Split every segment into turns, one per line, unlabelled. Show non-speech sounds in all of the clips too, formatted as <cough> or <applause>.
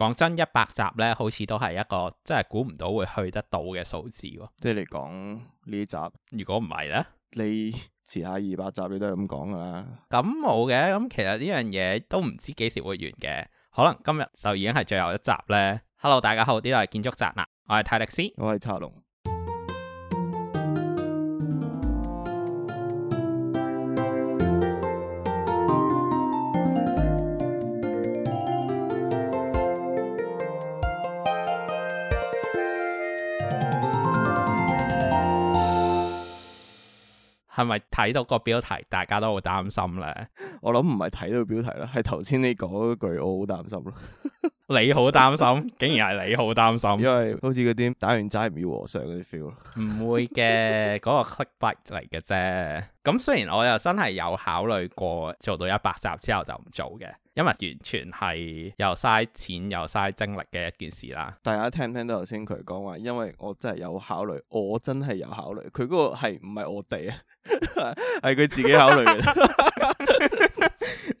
講真，一百集咧，好似都係一個真係估唔到會去得到嘅數字啊。即係你講呢集，如果唔係咧，你遲下二百集你都係咁講噶啦。咁冇嘅，咁其實呢樣嘢都唔知幾時會完嘅，可能今日就已經係最後一集咧。Hello，大家好，呢度係建築宅男啦，我係泰力斯，我係查龍。係咪睇到個標題，大家都好擔心咧？
我諗唔係睇到標題咯，係頭先你講嗰句我好擔心咯，
<laughs> 你好擔心，竟然係你好擔心，因為好似嗰啲打完齋唔要和尚嗰啲 feel 咯，唔 <laughs> 會嘅，嗰、嗰個 clickbait 嚟嘅啫。咁雖然我又真係有考慮過做到一百集之後就唔做嘅。因為完全係又嘥錢又嘥精力嘅一件事啦。
大家聽唔聽到頭先佢講話？因為我真係有考慮，我真係有考慮。佢嗰個係唔係我哋啊？係佢自己考慮嘅。 <laughs>
<laughs>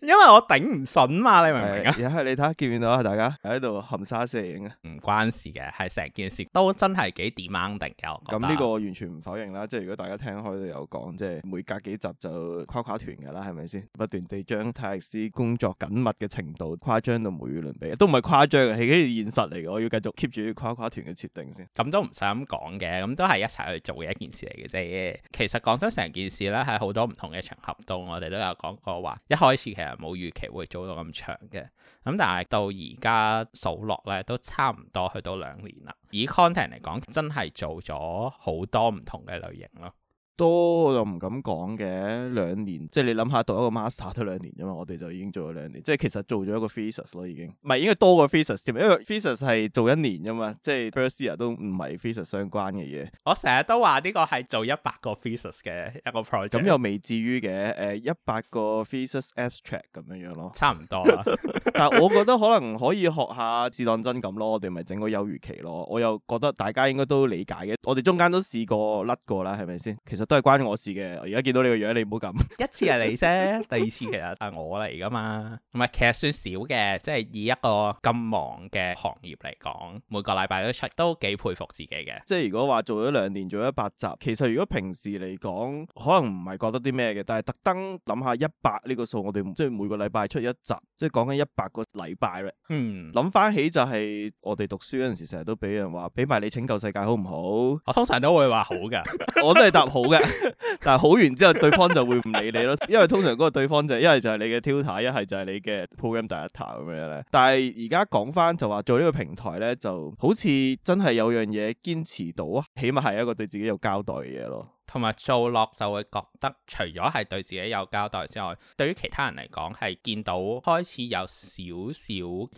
<laughs> 因為我頂唔順嘛，你明唔明啊？而家係、哎、你睇下見唔見到啊，大家喺度含沙射影，唔關事嘅，係成件事都真係幾 demanding
咁呢個我完全唔否認啦。即係如果大家聽開都有講，即係每隔幾集就垮垮團噶啦，係咪先？不斷地將泰勒斯工作緊密。嘅程度誇張到無與倫比，都唔係誇張嘅，係幾現實嚟嘅。我要繼續 keep 住啲誇誇團嘅設定先。
咁都唔使咁講嘅，咁都係一齊去做嘅一件事嚟嘅啫。其實講真，成件事咧係好多唔同嘅場合度，我哋都有講過話。一開始其實冇預期會做到咁長嘅，咁但係到而家數落咧都差唔多去到兩年啦。以 content 嚟講，真係做咗好多唔同嘅類型咯。
多我又唔敢講嘅，兩年即係你諗下讀一個 master 都兩年啫嘛，我哋就已經做咗兩年，即係其實做咗一個 thesis 咯已經，唔係應該多過 thesis 添，因為 thesis 係做一年啫嘛，即係 first year 都唔係 thesis 相關嘅嘢。
我成日都話呢個係做一百個 thesis 嘅一個 project。咁又
未至於嘅，誒一百個 thesis abstract 咁樣樣咯，差唔多 <laughs> <laughs> 但我覺得可能可以學下自當真咁咯，我哋咪整個休漁期咯。我又覺得大家應該都理解嘅，我哋中間都試過甩過啦，係咪先？其實。都係關我事嘅。而家見到你個樣，你唔好咁。一
次係你啫， <laughs> 第二次其實係我嚟噶嘛。唔係，其實算少嘅，即係以一個咁忙嘅行業嚟講，每個禮拜都出，都幾佩服自己嘅。
即係如果話做咗兩年，做咗一百集，其實如果平時嚟講，可能唔係覺得啲咩嘅，但係特登諗下一百呢個數，我哋即係每個禮拜出一集，即係講緊一百個禮拜咧。嗯，諗翻起就係我哋讀書嗰陣時，成日都俾人話，俾埋你拯救世界好唔好？我通常都會話好嘅， <laughs> 我都係答好嘅。 <laughs> 但係好完之後，對方就會唔理你咯， <laughs> 因為通常嗰個對方就一係就係你嘅 tutor，一係就係你嘅 program 大一塔咁樣咧。但係而家講翻就話做呢個平台咧，就好似真係有樣嘢堅持到，起碼係一個對自己有交代嘅嘢咯。
同埋做落就會覺得，除咗係對自己有交代之外，對於其他人嚟講係見到開始有少少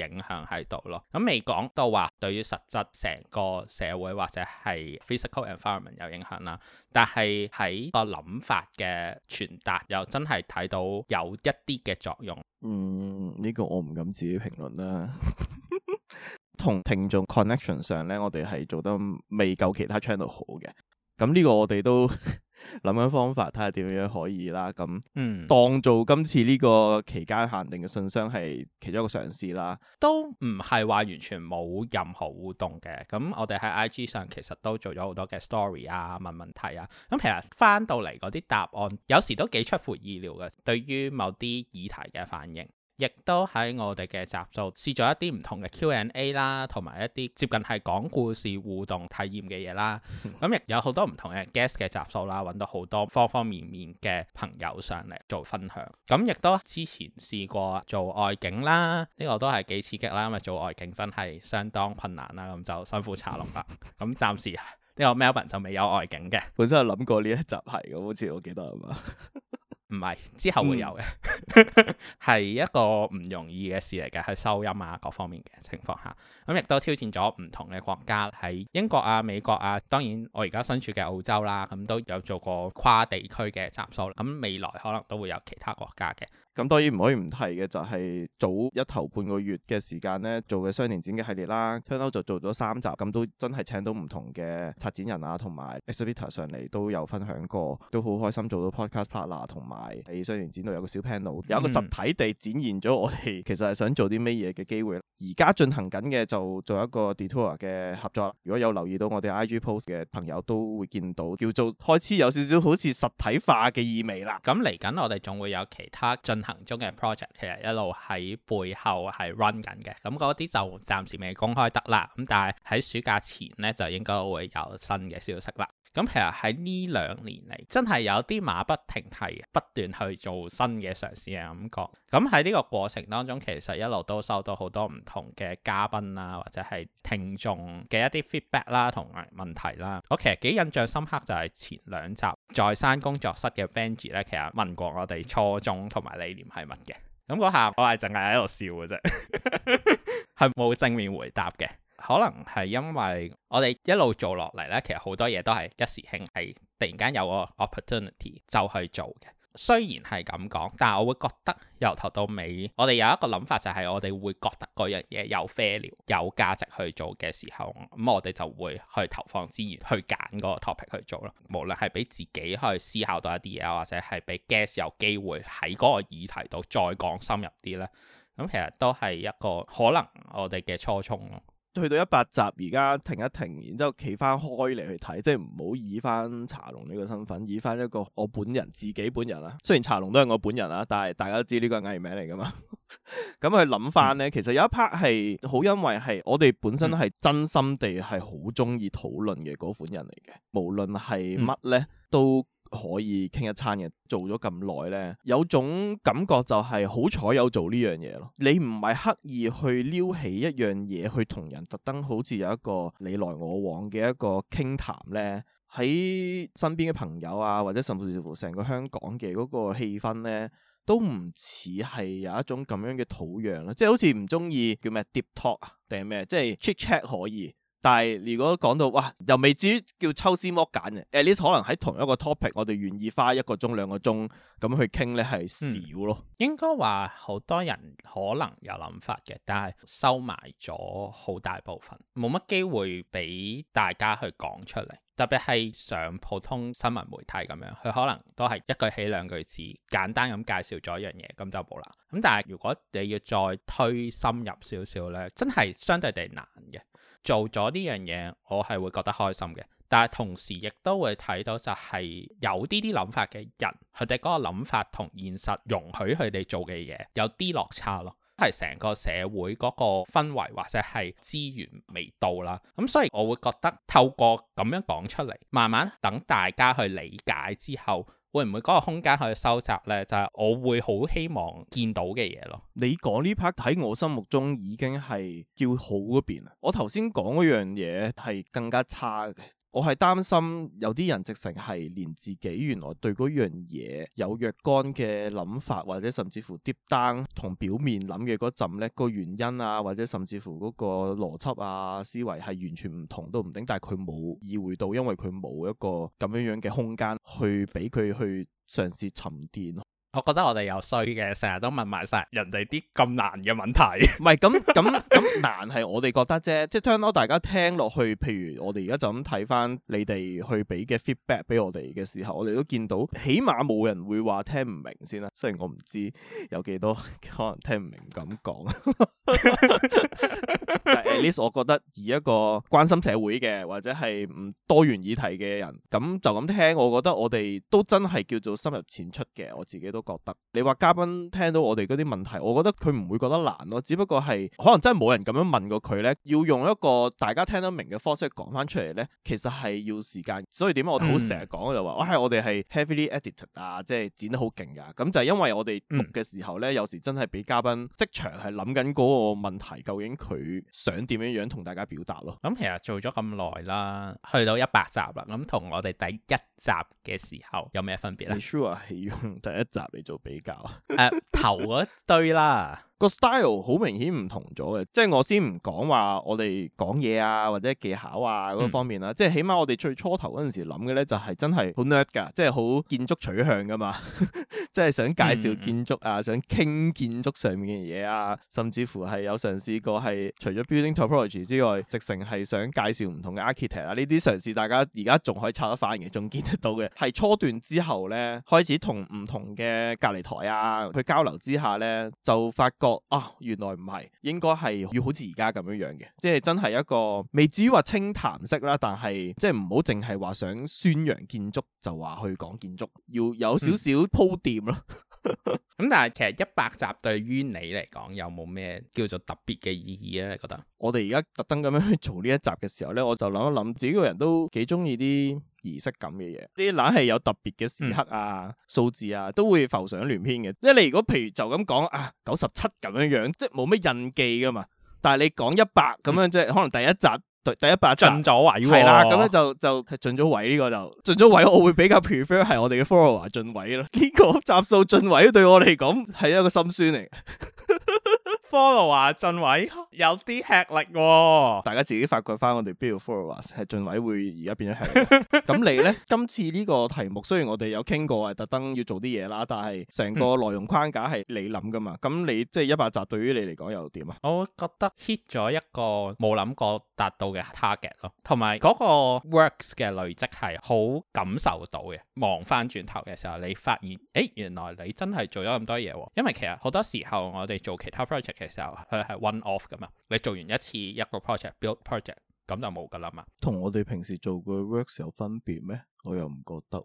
影響喺度咯。咁未講到話對於實質成個社會或者係 physical environment 有影響啦，但係喺個諗法嘅傳達又真係睇到有一啲嘅作用。
嗯，呢、這個我唔敢自己評論啦。同 <laughs> 聽眾 connection 上呢，我哋係做得未夠其他 channel 好嘅。咁呢個我哋都諗緊方法，睇下點樣可以啦。咁，嗯、當
做今次呢個期間限定嘅信箱係其中一個嘗試啦，都唔係話完全冇任何互動嘅。咁我哋喺 IG 上其實都做咗好多嘅 story 啊，問問題啊。咁其實翻到嚟嗰啲答案，有時都幾出乎意料嘅，對於某啲議題嘅反應。亦都喺我哋嘅集數試咗一啲唔同嘅 Q&A 啦，同埋一啲接近係講故事互動體驗嘅嘢啦。咁亦有好多唔同嘅 guest 嘅集數啦，揾到好多方方面面嘅朋友上嚟做分享。咁亦都之前試過做外景啦，呢、這個都係幾刺激啦，因為做外景真係相當困難啦。咁就辛苦茶龍啦。咁暫 <laughs> 時呢、這個 Melvin 就未有外景嘅。本身係諗過呢一集係，好似我記得係嘛。 <laughs> 唔係，之後會有嘅，係、嗯、 <laughs> 一個唔容易嘅事嚟嘅，喺收音啊各方面嘅情況下，咁、嗯、亦都挑戰咗唔同嘅國家，喺英國啊、美國啊，當然我而家身處嘅澳洲啦、啊，咁、嗯、都有做過跨地區嘅集數，咁未來可能都會有其他國家嘅。
咁當然唔可以唔提嘅就係、是、早一頭半個月嘅時間咧，做嘅雙年展嘅系列啦，channel、嗯、就做咗三集，咁都真係請到唔同嘅策展人啊，同埋 exhibitor 上嚟都有分享過，都好開心做到 podcast partner，同埋喺雙年展度有個小 panel，有一個實體地展現咗我哋其實係想做啲咩嘢嘅機會。而家進行緊嘅就做一個 detour 嘅合作啦，如果有留意到我哋 IG post 嘅朋友都會見到，叫做開始有少少好似實體化嘅
意味啦。咁嚟緊我哋仲會有其他進行中嘅 project 其實一路喺背後係 run 緊嘅，咁嗰啲就暫時未公開得啦。咁，但係喺暑假前咧，就應該會有新嘅消息啦。咁其實喺呢兩年嚟，真係有啲馬不停蹄，不斷去做新嘅嘗試嘅感覺。咁喺呢個過程當中，其實一路都收到好多唔同嘅嘉賓啦，或者係聽眾嘅一啲 feedback 啦，同埋問題啦。我其實幾印象深刻，就係前兩集在山工作室嘅 Vance 咧，其實問過我哋初衷同埋理念係乜嘅。咁嗰下我係淨係喺度笑嘅啫，係 <laughs> 冇正面回答嘅。可能係因為我哋一路做落嚟，呢，其實好多嘢都係一時興起，突然間有個 opportunity 就去做嘅。雖然係咁講，但係我會覺得由頭到尾，我哋有一個諗法就係我哋會覺得嗰樣嘢有 fair 了，有價值去做嘅時候，咁、嗯、我哋就會去投放資源去揀嗰個 topic 去做咯。無論係俾自己去思考到一啲嘢，或者係俾 guest 有機會喺嗰個議題度再講深入啲咧，咁、嗯、其實都係一個可能我哋嘅初衷。
去到一百集，而家停一停，然之後企翻開嚟去睇，即係唔好以翻茶龍呢個身份，以翻一個我本人自己本人啊。雖然茶龍都係我本人啊，但係大家都知呢個藝名嚟噶嘛。咁 <laughs> 去諗翻呢，嗯、其實有一 part 係好，因為係我哋本身係真心地係好中意討論嘅嗰款人嚟嘅，無論係乜呢都。嗯可以傾一餐嘅，做咗咁耐咧，有種感覺就係好彩有做呢樣嘢咯。你唔係刻意去撩起一樣嘢去同人特登，好似有一個你來我往嘅一個傾談咧。喺身邊嘅朋友啊，或者甚至乎成個香港嘅嗰個氣氛咧，都唔似係有一種咁樣嘅土壤啦。即係好似唔鍾意叫咩 deep talk 啊，定係咩？即係 chit chat 可以。但係如果講到哇，又未至於叫抽絲剝繭嘅，At least 可能喺同一個 topic，我哋願意花一個鐘兩個鐘咁去傾咧，係少
咯。嗯、應該話好多人可能有諗法嘅，但係收埋咗好大部分，冇乜機會俾大家去講出嚟。特別係上普通新聞媒體咁樣，佢可能都係一句起兩句字，簡單咁介紹咗一樣嘢，咁就冇啦。咁但係如果你要再推深入少少呢，真係相對地難嘅。做咗呢樣嘢，我係會覺得開心嘅。但係同時亦都會睇到就係有啲啲諗法嘅人，佢哋嗰個諗法同現實容許佢哋做嘅嘢有啲落差咯。都係成個社會嗰個氛圍或者係資源未到啦。咁所以我會覺得透過咁樣講出嚟，慢慢等大家去理解之後。會唔會嗰個空間去收集呢？就係、是、我會好希望見到嘅嘢咯。
你講呢 part 喺我心目中已經係叫好嘅邊了。我頭先講嗰樣嘢係更加差嘅。我係擔心有啲人直情係連自己原來對嗰樣嘢有若干嘅諗法，或者甚至乎 deep down 同表面諗嘅嗰陣呢個原因啊，或者甚至乎嗰個邏輯啊，思維係完全唔同都唔定，但係佢冇意會到，因為佢冇一個咁樣樣嘅空間去俾佢去嘗試沉澱。
我覺得我哋又衰嘅，成日都問埋晒人哋啲咁難嘅問題。唔係咁咁咁難係
我哋覺得啫，即係聽到大家聽落去。譬如我哋而家就咁睇翻你哋去俾嘅 feedback 俾我哋嘅時候，我哋都見到起碼冇人會話聽唔明先啦。雖然我唔知有幾多可能聽唔明咁講。但係 at least 我覺得以一個關心社會嘅或者係唔多元議題嘅人，咁就咁聽，我覺得我哋都真係叫做深入淺出嘅。我自己都。覺得你話嘉賓聽到我哋嗰啲問題，我覺得佢唔會覺得難咯。只不過係可能真係冇人咁樣問過佢呢，要用一個大家聽得明嘅方式講翻出嚟呢。其實係要時間。所以點解我好成日講就話，哇，我哋係 heavily edited 啊，即係剪得好勁噶。咁就係因為我哋錄嘅時候呢，嗯、有時真係俾嘉賓即場係諗緊嗰個問題，究竟佢想
點樣樣同大家表達咯。咁其實做咗咁耐啦，去到一百集啦，咁同我哋第一集嘅時候有咩分別呢？你
Sure 係用第一集，嚟做比較誒頭頭嗰堆啦。個 style 好明顯唔同咗嘅，即係我先唔講話我哋講嘢啊或者技巧啊嗰、那個、方面啦、啊，嗯、即係起碼我哋最初頭嗰陣時諗嘅呢，就係、是、真係好 nerd 㗎，即係好建築取向㗎嘛， <laughs> 即係想介紹建築啊，想傾建築上面嘅嘢啊，甚至乎係有嘗試過係除咗 building topology 之外，直成係想介紹唔同嘅 architect 啊呢啲嘗試，大家而家仲可以拆得翻嘅，仲見得到嘅，係初段之後呢，開始同唔同嘅隔離台啊去交流之下呢，就發覺。啊，原來唔係，應該係要好似而家咁樣樣嘅，即係真係一個未至於話清談式啦，但係即係唔好淨係話想宣揚
建築就話去講建築，要有少少鋪墊咯。咁、嗯、 <laughs> 但係其實一百集對於你嚟講有冇咩叫做特別嘅意義咧？我覺得
我哋而家特登咁樣去做呢一集嘅時候咧，我就諗一諗自己個人都幾中意啲。儀式感嘅嘢，啲冷係有特別嘅時刻啊，數字啊，都會浮上聯篇嘅。即係你如果譬如就咁講啊，九十七咁樣樣，即係冇咩印記噶嘛。但係你講一百咁樣，即係、嗯、可能第一集第一百進咗位，啊，係啦，咁樣就就係進咗位，呢個就
進咗位，我會比較
prefer 係我哋嘅 follower 進位咯。呢、這個集數進位對我嚟講係一個心酸嚟。 <laughs>
follow 阿俊偉有啲吃力、
哦，大家自己發掘翻我哋邊個 follow 阿係俊偉會而家變咗吃力。咁 <laughs> 你呢？今次呢個題目雖然我哋有傾過，係特登要做啲嘢啦，但係成個內容框
架係你諗噶嘛。咁、嗯、你即係一百集對於你嚟講又點啊？我覺得 hit 咗一個冇諗過達到嘅 target 咯，同埋嗰個 works 嘅累積係好感受到嘅。望翻轉頭嘅時候，你發現誒，原來你真係做咗咁多嘢。因為其實好多時候我哋做其他 project。嘅時候，佢係 one off 噶嘛，你做完一次一個 project build project 咁就冇噶啦嘛。
同我哋平時做嘅 works 有分別咩？我又唔覺得啊。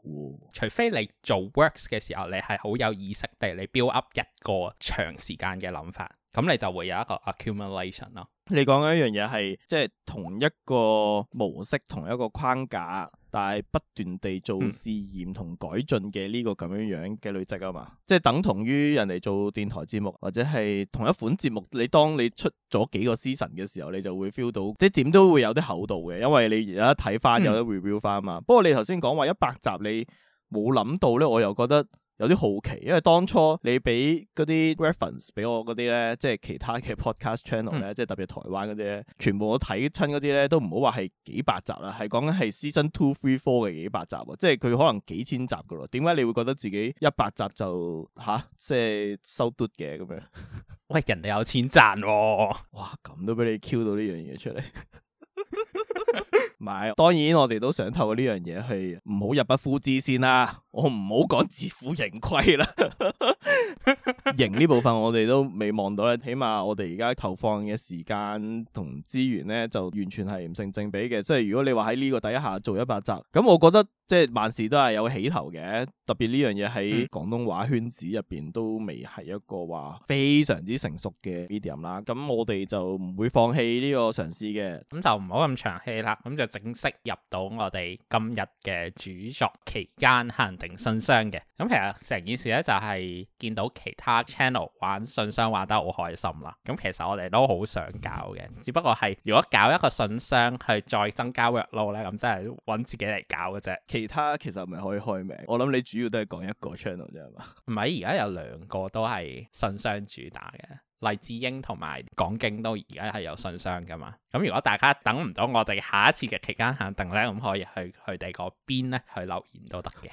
除非你做 works 嘅時候，你係好有意識地你 build up 一個長時間嘅諗法。咁你就會有一個 accumulation 咯。
你講嘅一樣嘢
係即係同一個
模式、同一個框架，但係不斷地做試驗同改進嘅呢個咁樣樣嘅累積啊嘛。嗯、即係等同於人哋做電台節目或者係同一款節目，你當你出咗幾個 s 神嘅時候，你就會 feel 到即係點都會有啲厚度嘅，因為你而家睇翻有得，得 review 翻啊嘛。嗯、不過你頭先講話一百集你冇諗到呢，我又覺得。有啲好奇，因為當初你俾嗰啲 reference 俾我嗰啲咧，即係其他嘅 podcast channel 咧、嗯，即係特別台灣嗰啲咧，全部我睇親嗰啲咧，都唔好話係幾百集啦，係講緊係 season two three four 嘅幾百集啊，即係佢可能幾千集噶咯。點解你會覺得自己一百集就吓、啊、即係收嘟嘅咁樣？喂， <laughs> 人哋有錢賺、哦哇，哇咁都俾你 Q 到呢樣嘢出嚟。 <laughs> <laughs> 買，當然我哋都想透過呢樣嘢，去唔好入不敷支先啦。我唔好講自負盈虧啦，盈 <laughs> 呢 <laughs> 部分我哋都未望到咧。起碼我哋而家投放嘅時間同資源咧，就完全係唔成正比嘅。即係如果你話喺呢個底下做一百集，咁我覺得。即係萬事都係有起頭嘅，特別呢樣嘢喺廣東話圈子入邊都未係一個話非常之成熟嘅 medium 啦。咁我哋就唔會放棄呢
個嘗試嘅，咁就唔好咁長氣啦。咁就正式入到我哋今日嘅主作期間限定信箱嘅。咁其實成件事咧就係見到其他 channel 玩信箱玩得好開心啦。咁其實我哋都好想搞嘅，只不過係如果搞一個信箱去再增加 load 咧，咁真係揾自己嚟搞嘅啫。其他其實唔係可以
開名，我諗你主要都係講一個 channel
啫嘛，唔係而家有兩個都係信箱主打嘅。黎智英，同埋港京都而家係有信箱噶嘛？咁如果大家等唔到我哋下一次嘅期間限定咧，咁可以去佢哋嗰邊咧去留言都得嘅，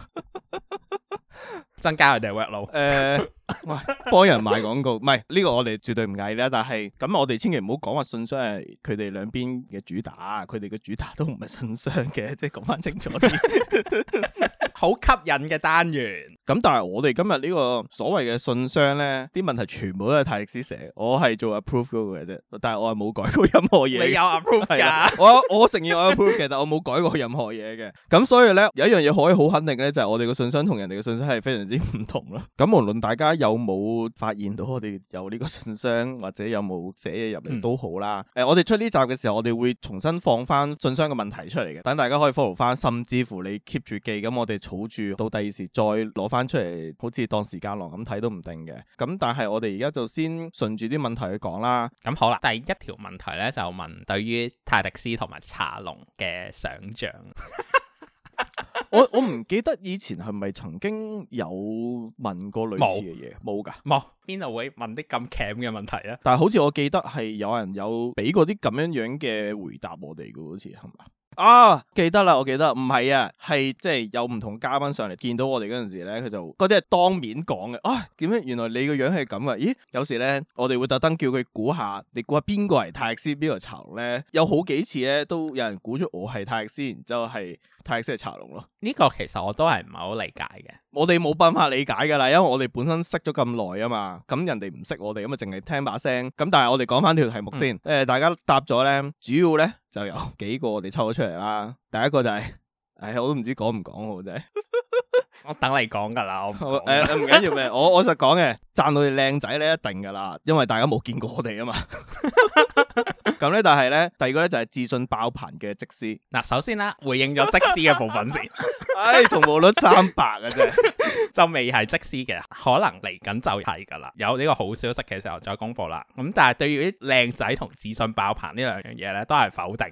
增加佢哋 workload。誒，喂，
幫人買廣告，唔係呢個我哋絕對唔介意啦。但係咁我哋千祈唔好講話信箱係佢哋兩邊嘅主打，佢哋嘅主打都唔係信箱嘅，即係講翻清楚啲。
好 <laughs> <laughs> 吸
引嘅單元。咁但係我哋今日呢個所謂嘅信箱咧，啲問題全部都係泰迪史。我係做 approve 嗰個嘅啫，但係我係冇改過任何嘢。你有 approve 噶？我我，我承認我 approve 嘅， <laughs> 但我冇改過任何嘢嘅。咁所以咧，有一樣嘢可以好肯定咧，就係、是、我哋嘅信箱同人哋嘅信箱係非常之唔同啦。咁無論大家有冇發現到我哋有呢個信箱，或者有冇寫嘢入嚟都好啦。誒、嗯呃，我哋出呢集嘅時候，我哋會重新放翻信箱嘅問題出嚟嘅，等大家可以 follow 翻，甚至乎你 keep 住記，咁我哋儲住到第二時再攞翻出嚟，好似當時間囊咁睇都唔定嘅。咁但係我哋而家就先，順住啲問題去講啦，
咁、嗯、好啦。第一條問題咧就問，對於泰迪斯同埋茶龍嘅想象 <laughs>
<laughs> 我我唔記得以前係咪曾經有問過類似嘅
嘢，冇噶有，冇邊度會問啲咁 cam 嘅問題咧？
但係好似我記得係有人有俾過啲咁樣樣嘅回答我哋噶，好似係嘛？啊，記得啦，我記得，唔係啊，係即係有唔同嘉賓上嚟見到我哋嗰陣時咧，佢就嗰啲係當面講嘅。啊，點樣？原來你個樣係咁噶？咦，有時咧，我哋會特登叫佢估下，你估下邊個係泰勒先，邊個巢咧？有好幾次咧，都有人估咗我係泰勒先，然後就係、是。太識係茶龍咯，呢個其實我都係唔係好理解嘅。我哋冇辦法理解㗎啦，因為我哋本身識咗咁耐啊嘛，咁人哋唔識我哋，咁啊淨係聽把聲。咁但係我哋講翻條題目先，誒、嗯、大家答咗呢，主要呢就有幾個我哋抽咗出嚟啦。第一個就係誒，我都唔知講唔講好啫。 <laughs> 我等你講噶啦，誒唔緊要咩，我我實講嘅，贊到你靚仔咧一定噶啦，因為大家冇見過我哋啊嘛。咁咧，但係
咧，第二個咧就係自信爆棚嘅即師。嗱，首先啦，回應咗即師嘅部分先，誒、 <laughs> 哎，同步率三百嘅啫， <laughs> <laughs> 就未係即師嘅，可能嚟緊就係噶啦。有呢個好消息嘅時候再公布啦。咁但係對於啲靚仔同自信爆棚兩呢兩樣嘢咧，都係否定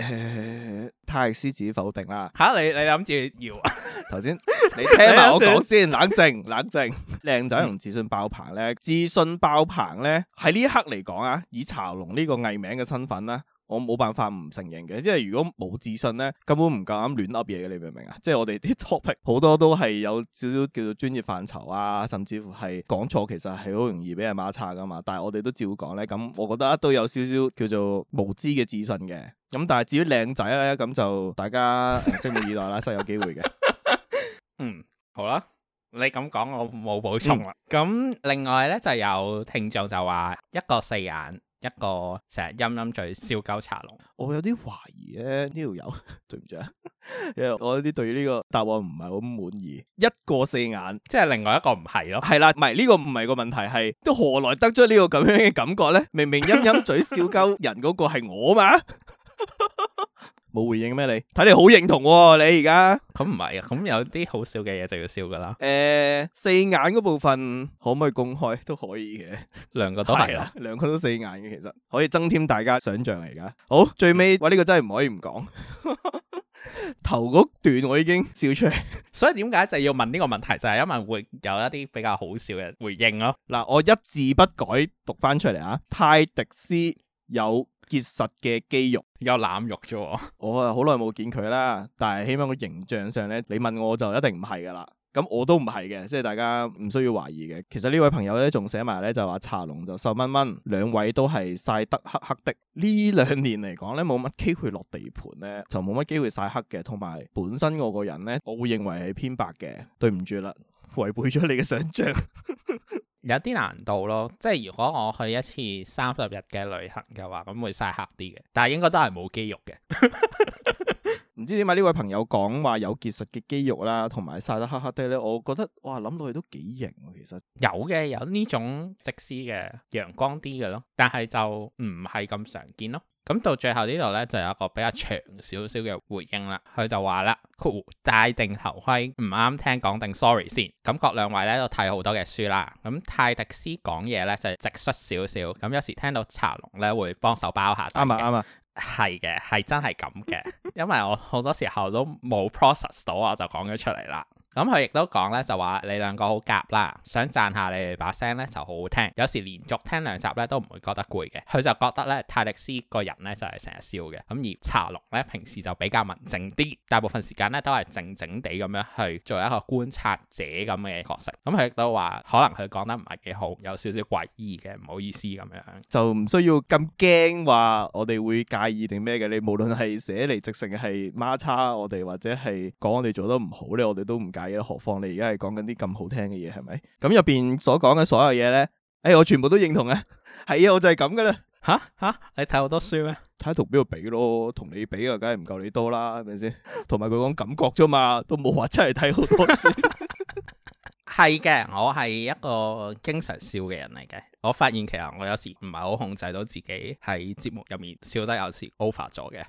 呃、太獅自己否定啦！
吓，你你諗住搖啊？
頭先 <laughs> 你聽埋我講先，冷靜冷靜。靚 <laughs> 仔同自信爆棚咧，嗯、自信爆棚咧，喺呢一刻嚟講啊，以茶龍呢個藝名嘅身份啦。我冇辦法唔承認嘅，即係如果冇自信咧，根本唔夠膽亂噏嘢嘅，你明唔明啊？即係我哋啲 topic 好多都係有少少叫做專業範疇啊，甚至乎係講錯，其實係好容易俾人馬叉噶嘛。但係我哋都照講咧，咁我覺得都有少少叫做無知嘅自信嘅。咁但係至於靚仔咧，咁就大家拭目以待啦，真係有機會嘅。嗯，
好啦，你咁講我冇補充啦。咁、嗯、另外咧就有聽眾就話一個四眼，一個成日陰陰嘴笑鳩茶龍，
我有啲懷疑咧，呢度有， <laughs> 對唔不起 <laughs> 對啊？我有啲對呢個答案唔係好滿意。一個四眼，即係另外一個唔係咯，係啦，唔係呢個唔係個問題，係都何來得出呢個咁樣嘅感覺咧？明明陰陰嘴笑鳩人嗰個係我嘛？ <laughs> 冇回應咩？你睇你好認同，哦，你而家咁
唔係啊？咁有啲好笑嘅嘢就要笑噶啦。
誒、呃，四眼嗰部分可唔可以公開都可以嘅，兩個都係啦，兩個都四眼嘅，其實可以增添大家想象嚟噶。好，最尾我呢個真係唔可以唔講， <laughs> 頭嗰段我已經笑
出嚟，所以點解就要問呢個問題？就係、是、因為會有一啲比較好笑嘅回應咯。嗱，我
一字不改讀翻出嚟啊，泰迪斯有。結實嘅肌肉，有腩肉啫喎。我啊好耐冇見佢啦，但係起碼個形象上咧，你問我就一定唔係噶啦。咁我都唔係嘅，即係大家唔需要懷疑嘅。其實呢位朋友咧，仲寫埋咧，就話茶龍就瘦蚊蚊，兩位都係晒得黑黑的。呢兩年嚟，講咧，冇乜機會落地盤咧，就冇乜機會晒黑嘅。同埋本身我個人咧，我會認為係偏白嘅。對唔住啦，違背咗你嘅想象。 <laughs>
有啲難度咯，即係如果我去一次三十日嘅旅行嘅話，咁會晒黑啲嘅，但係應該都係冇肌肉嘅。
唔 <laughs> <laughs> 知點解呢位朋友講話有結實嘅肌肉啦，同埋晒得黑黑哋咧，我覺得哇諗落去都幾型啊，其實
有嘅，有呢種直絲嘅陽光啲嘅咯，但係就唔係咁常見咯。咁到最後呢度呢，就有一個比較長少少嘅回應啦。佢就話啦：戴定頭盔唔啱聽，講定 sorry 先。感覺兩位呢都睇好多嘅書啦。咁泰迪斯講嘢呢就係、直率少少。咁有時聽到茶籠呢會幫手包下。啱啊啱啊，係嘅，係真係咁嘅。因為我好多時候都冇 process 到，我就講咗出嚟啦。咁佢亦都講咧，就話你兩個好夾啦，想讚下你哋把聲咧就好好聽，有時連續聽兩集咧都唔會覺得攰嘅。佢就覺得咧泰迪斯個人咧就係成日笑嘅，咁而茶龍咧平時就比較文靜啲，大部分時間咧都係靜靜地咁樣去做一個觀察者咁嘅角色。咁佢亦都話，可能佢講得唔係幾好，有少少怪異嘅，唔好意思咁樣。
就唔需要咁驚話我哋會介意定咩嘅？你無論係寫嚟直成係孖叉我哋，或者係講我哋做得唔好咧，我哋都唔介意。何況你而家係講緊啲咁好聽嘅嘢，係咪？咁入邊所講嘅所有嘢咧，誒、哎，我全部都認同嘅。係、哎、啊，我就係咁噶啦。吓、啊？嚇、啊，你睇好多書咩？睇下同邊個比咯？同你比啊，梗係唔夠你多啦，係咪先？同埋佢講感覺啫嘛，都冇話真係睇好多書。
係嘅，我係一個經常笑嘅人嚟嘅。我發現其實我有時唔係好控制到自己喺節目入面笑得有時 over 咗嘅。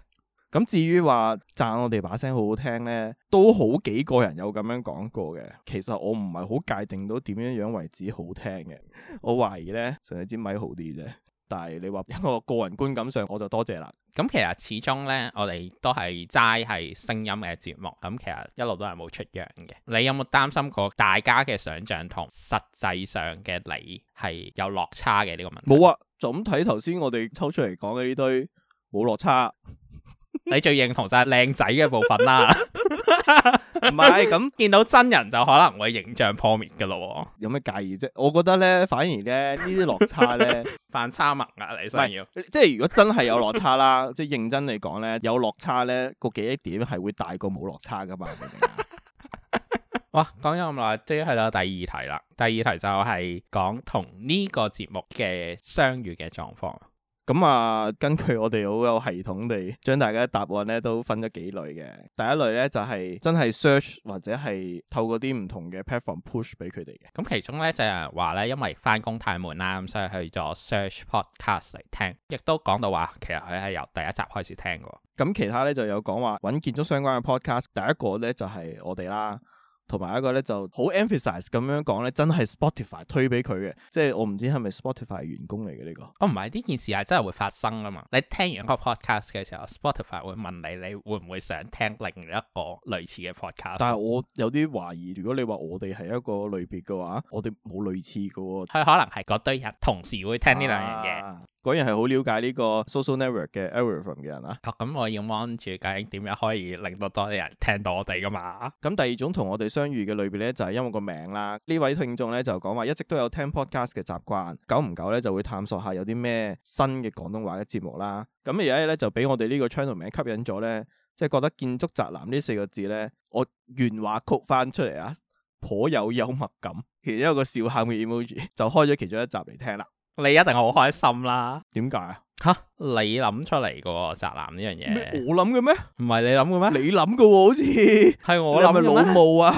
咁至於話讚我哋把聲好好聽呢，都好幾個人有咁樣講過嘅。其實我唔係好界定到點樣樣為止好聽嘅。我懷疑呢，純粹支咪好啲啫。但係你話一個個人觀感上，我就多謝啦。
咁其實始終呢，我哋都係齋係聲音嘅節目。咁其實一路都係冇出樣嘅。你有冇擔心過大家嘅想像同實際上嘅你係有落差嘅呢個問
題？冇啊，就咁睇頭先我哋抽出嚟講嘅呢堆
冇落差。你最認同就係靚仔嘅部分啦， <laughs> 唔係咁見到真人就可能會形象破滅噶咯。有咩介意啫？我覺得咧
反而咧呢啲落差咧
反差萌啊！ <laughs> 你想要
即係如果真係有落差啦， <laughs> 即係認真嚟講咧有落差咧個記憶點係會大過冇落差噶嘛。
<laughs> <laughs> 哇！講咁耐，終於係到第二題啦。第二題就係講同呢個節目嘅相遇嘅狀況。
咁啊，根據我哋好有系統地將大家答案咧都分咗幾類嘅。第一類咧就係、是、真係 search 或者係透過啲唔同嘅 platform push 俾佢哋嘅。
咁其中咧就是、有人話咧，因為翻工太悶啦，咁所以去咗 search podcast 嚟聽。亦都講到話，其實佢係由第一集開始聽嘅。
咁其他咧就有講話揾建築相關嘅 podcast。第一個咧就係、是、我哋啦。同埋一個咧就好 emphasize 咁樣講咧，真係 Spotify 推俾佢嘅，即係我唔知係咪 Spotify 員工嚟嘅呢個。哦，
唔係，呢件事係真係會發生啊嘛！你聽完個 podcast 嘅時候，Spotify 會問你，你會唔會想聽另一個類似嘅 podcast？但係我
有啲懷疑，如果你話我哋係一個類別嘅話，我哋冇類似㗎喎、哦。
佢可能係嗰堆人同時會聽呢兩樣嘢。啊果然係好了解呢個 social network 嘅 algorithm 嘅人啊！咁、哦嗯、我要望住究竟點樣可以令到多啲人聽到我哋噶嘛？咁、
嗯、第二種同我哋相遇嘅類別咧，就係、是、因為個名啦。呢位聽眾咧就講話一直都有聽 podcast 嘅習慣，久唔久咧就會探索下有啲咩新嘅廣東話嘅節目啦。咁而家咧就俾我哋呢個 channel 名吸引咗咧，即、就、係、是、覺得建築宅男呢四個字咧，我原話曲翻出嚟啊，頗有幽默感。其實一個笑喊嘅 emoji 就開咗
其中一集嚟聽啦。你一定好開心啦，點解啊？吓，你諗出嚟個宅男呢樣嘢？
我諗嘅咩？
唔係你諗嘅咩？ <laughs> 你諗嘅、哦、好似係是我諗嘅想老母
啊！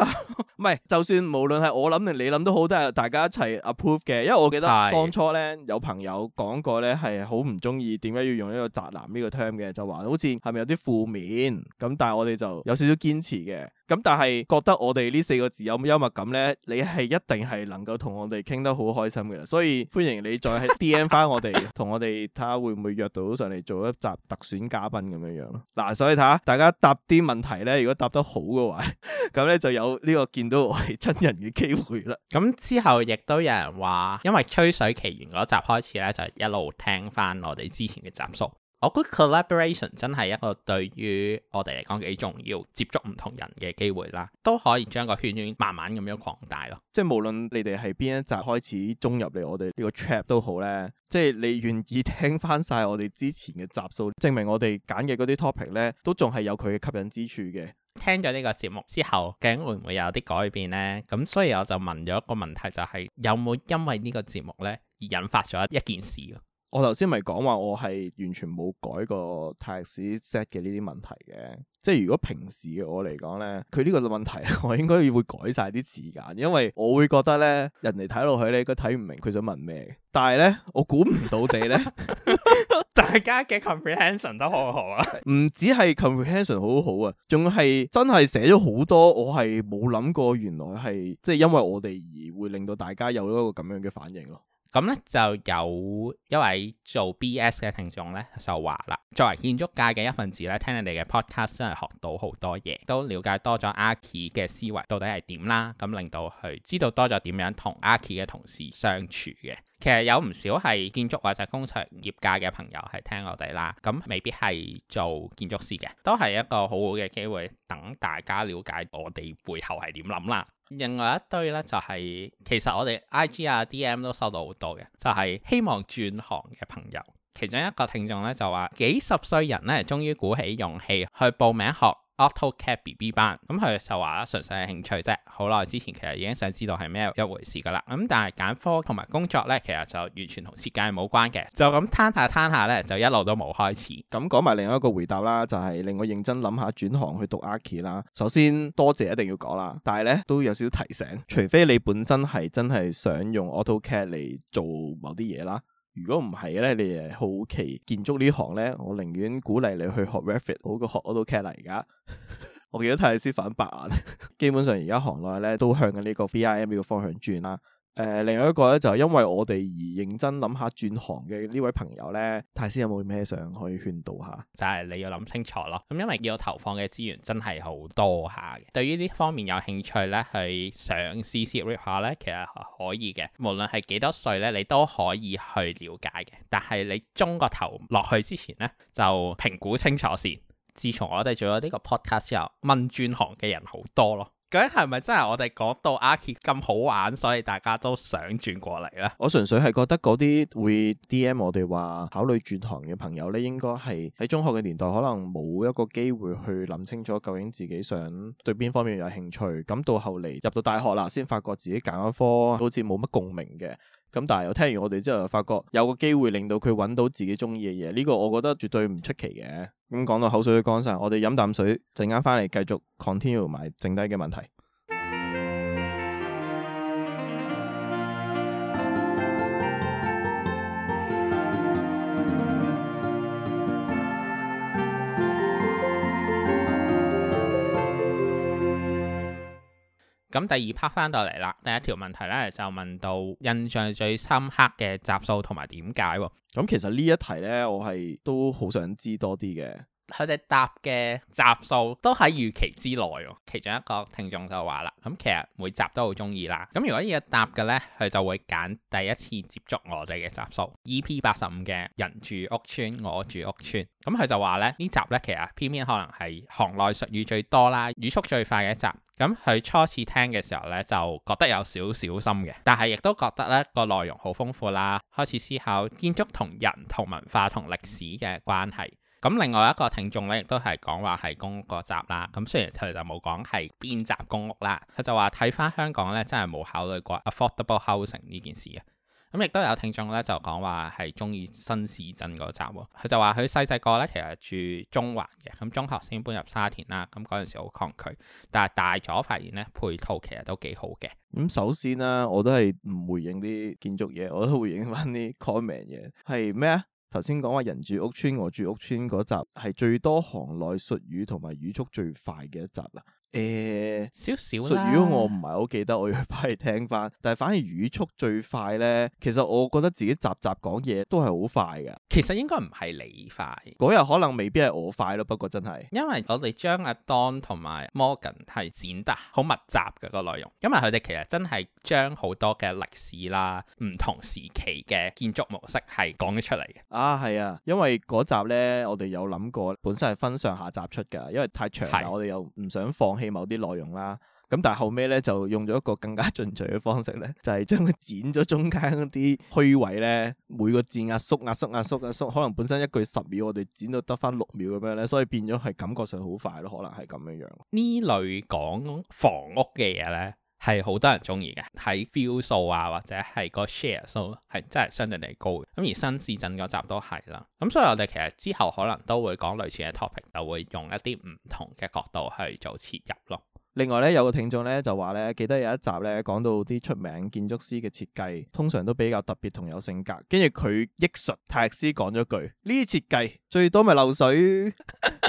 唔係， <laughs> <laughs> 就算無論係我諗定你諗都好，都係大家一齊 approve 嘅。因為我記得當初咧有朋友講過咧，係好唔中意點解要用呢個宅男呢、呢個 term 嘅，就話好似係咪有啲負面咁。但係我哋就有少少堅持嘅。咁但係覺得我哋呢四個字有幽默感咧，你係一定係能夠同我哋傾得好開心嘅。所以歡迎你再係 DM 翻我哋，同 <laughs> 我哋睇下會。會唔會約到上嚟做一集特選嘉賓咁樣樣咯？嗱，所以睇下大家答啲問題咧，如果答得好嘅話，咁
<laughs> 咧就有呢個見到我係真人嘅機會啦。咁之後亦都有人話，因為《吹水奇緣》嗰集開始咧，就是、一路聽翻我哋之前嘅集數。我覺得 collaboration 真係一個對於我哋嚟講幾重要，接觸唔同人嘅機會啦，都可以將個圈圈慢慢咁樣擴大咯。
即係無論你哋係邊一集開始中入嚟我哋呢個 trap 都好咧，即係你願意聽翻晒我哋之前嘅集數，證明我哋揀嘅嗰啲 topic 咧，都仲係有佢嘅吸引之處嘅。
聽咗呢個節目之後，究竟會唔會有啲改變咧？咁所以我就問咗一個問題，就是，就係有冇因為呢個節目咧而引發咗一件事
我頭先咪講話我係完全冇改過 text set 嘅呢啲問題嘅，即係如果平時嘅我嚟講咧，佢呢個問題我應該要會改晒啲字眼，因為我會覺得咧，人哋睇落去咧，佢睇唔明佢想問咩，但係咧，我估唔到地咧，
<laughs> 大家嘅 comprehension 都好好啊 com 好啊，
唔止係 comprehension 好好啊，仲係真係寫咗好多，我係冇諗過原來係即係因為我哋而會令到大家有一個咁樣嘅反應咯。
咁咧就有一位做 B.S. 嘅聽眾咧就話啦，作為建築界嘅一份子咧，聽你哋嘅 podcast 真係學到好多嘢，都了解多咗 Archi 嘅思維到底係點啦，咁令到佢知道多咗點樣同 Archi 嘅同事相處嘅。其實有唔少係建築或者工廠業界嘅朋友係聽我哋啦，咁未必係做建築師嘅，都係一個好好嘅機會，等大家了解我哋背後係點諗啦。另外一堆呢，就係其實我哋 I G 啊 D M 都收到好多嘅，就係希望轉行嘅朋友。其中一個聽眾呢，就話，幾十歲人呢，終於鼓起勇氣去報名學 AutoCAD B B 班，咁佢就話啦，純粹係興趣啫。好耐之前其實已經想知道係咩一回事噶啦。咁但係揀科同埋工作咧，其實就完全同設計冇關嘅。就咁攤下攤下咧，就一路都冇開始。咁
講埋另外一個回答啦，就係令我認真諗下轉行去讀 Archi 啦。首先多謝一定要講啦，但係咧都有少少提醒，除非你本身係真係想用 AutoCAD 嚟做某啲嘢啦。如果唔係咧，你係好奇建築呢行咧，我寧願鼓勵你去學 Revit 我個學我都 care 啦，而家我記得泰斯反白眼啊！ <laughs> 基本上而家行內咧都向緊呢個 BIM 呢個方向轉啦。誒、呃，另外一個咧就係因為我哋而認真諗下轉行嘅呢位朋友咧，大師有冇咩想可以勸導下？
就係你要諗清楚咯，咁、嗯、因為要投放嘅資源真係好多下嘅。對於呢方面有興趣咧，去嘗試下咧，其實可以嘅。無論係幾多歲咧，你都可以去了解嘅。但係你中個頭落去之前咧，就評估清楚先。自從我哋做咗呢個 podcast 之後，問轉行嘅人好多咯。究竟係咪真係我哋講到 Archi 咁好玩，所以大家都想轉過嚟呢？我
純粹係覺得嗰啲會 DM 我哋話考慮轉行嘅朋友呢，應該係喺中學嘅年代可能冇一個機會去諗清楚究竟自己想對邊方面有興趣，咁到後嚟入到大學啦，先發覺自己揀一科好似冇乜共鳴嘅。咁但係又聽完我哋之後，又發覺有個機會令到佢揾到自己鍾意嘅嘢，呢、這個我覺得絕對唔出奇嘅。咁、嗯、講到口水都乾晒，我哋飲啖水，陣間翻嚟繼續 continue 埋剩低嘅問題。
咁第二 part 翻到嚟啦，第一條問題咧就問到印象最深刻嘅集數同埋點解喎？咁其實呢一題咧，我係都好想知多啲嘅。佢哋答嘅集數都喺預期之內喎、哦。其中一個聽眾就話啦，咁其實每集都好鍾意啦。咁如果要答嘅呢，佢就會揀第一次接觸我哋嘅集數 E.P. 八十五嘅人住屋村，我住屋村。咁佢就話呢，呢集呢其實偏偏可能係行內術語最多啦，語速最快嘅一集。咁佢初次聽嘅時候呢，就覺得有少少心嘅，但係亦都覺得呢、這個內容好豐富啦，開始思考建築同人同文化同歷史嘅關係。咁另外一個聽眾咧，亦都係講話係公屋嗰集啦。咁雖然佢就冇講係邊集公屋啦，佢就話睇翻香港咧，真係冇考慮過 affordable housing 呢件事嘅。咁亦都有聽眾咧，說說就講話係中意新市鎮嗰集喎。佢就話佢細細個咧，其實住中環嘅，咁中學先搬入沙田啦。咁嗰陣時好抗拒，但係大咗發現咧，配套其實都幾好嘅。
咁首先咧，我都係唔回應啲建築嘢，我都回應翻啲 comment 嘢。係咩啊？頭先講話人住屋村，我住屋村嗰集係最多行內術語同埋語速最快嘅一集啦。誒，欸、少少如果，呃、我唔係好記得，我要翻去聽翻。但係反而語速最快咧，其實我覺得自己集集講嘢都係好快噶。其實應該唔係你快，嗰日可能未必係我快咯。不過真係，
因為我哋將阿 Don 同埋 Morgan 係剪得好密集嘅嗰個內容，因為佢哋其實真係將好多嘅歷史啦、唔同時期嘅建築模式係講咗出嚟。
啊，係啊，因為嗰集咧，我哋有諗過本身係分上下集出噶，因為太長啦，是我哋又唔想放。起某啲內容啦，咁但係後尾咧就用咗一個更加進取嘅方式咧，就係、是、將佢剪咗中間嗰啲虛位咧，每個字壓縮、壓縮、壓縮、壓縮，縮，縮，可能本身一句十秒，我哋剪到得返六秒咁樣咧，所以變咗係感覺上好快咯，可能係咁樣樣。
呢類講房屋嘅嘢咧？係好多人中意嘅，睇 view 數啊，或者係個 share 數，係真係相對嚟高。咁而新市鎮嗰集都係啦。咁所以我哋其實之後可能都會講類似嘅 topic，就會用一啲唔同嘅角度去做切入咯。
另外咧，有個聽眾咧就話咧，記得有一集咧講到啲出名建築師嘅設計，通常都比較特別同有性格。跟住佢益術泰斯講咗句：呢設計最多咪漏水。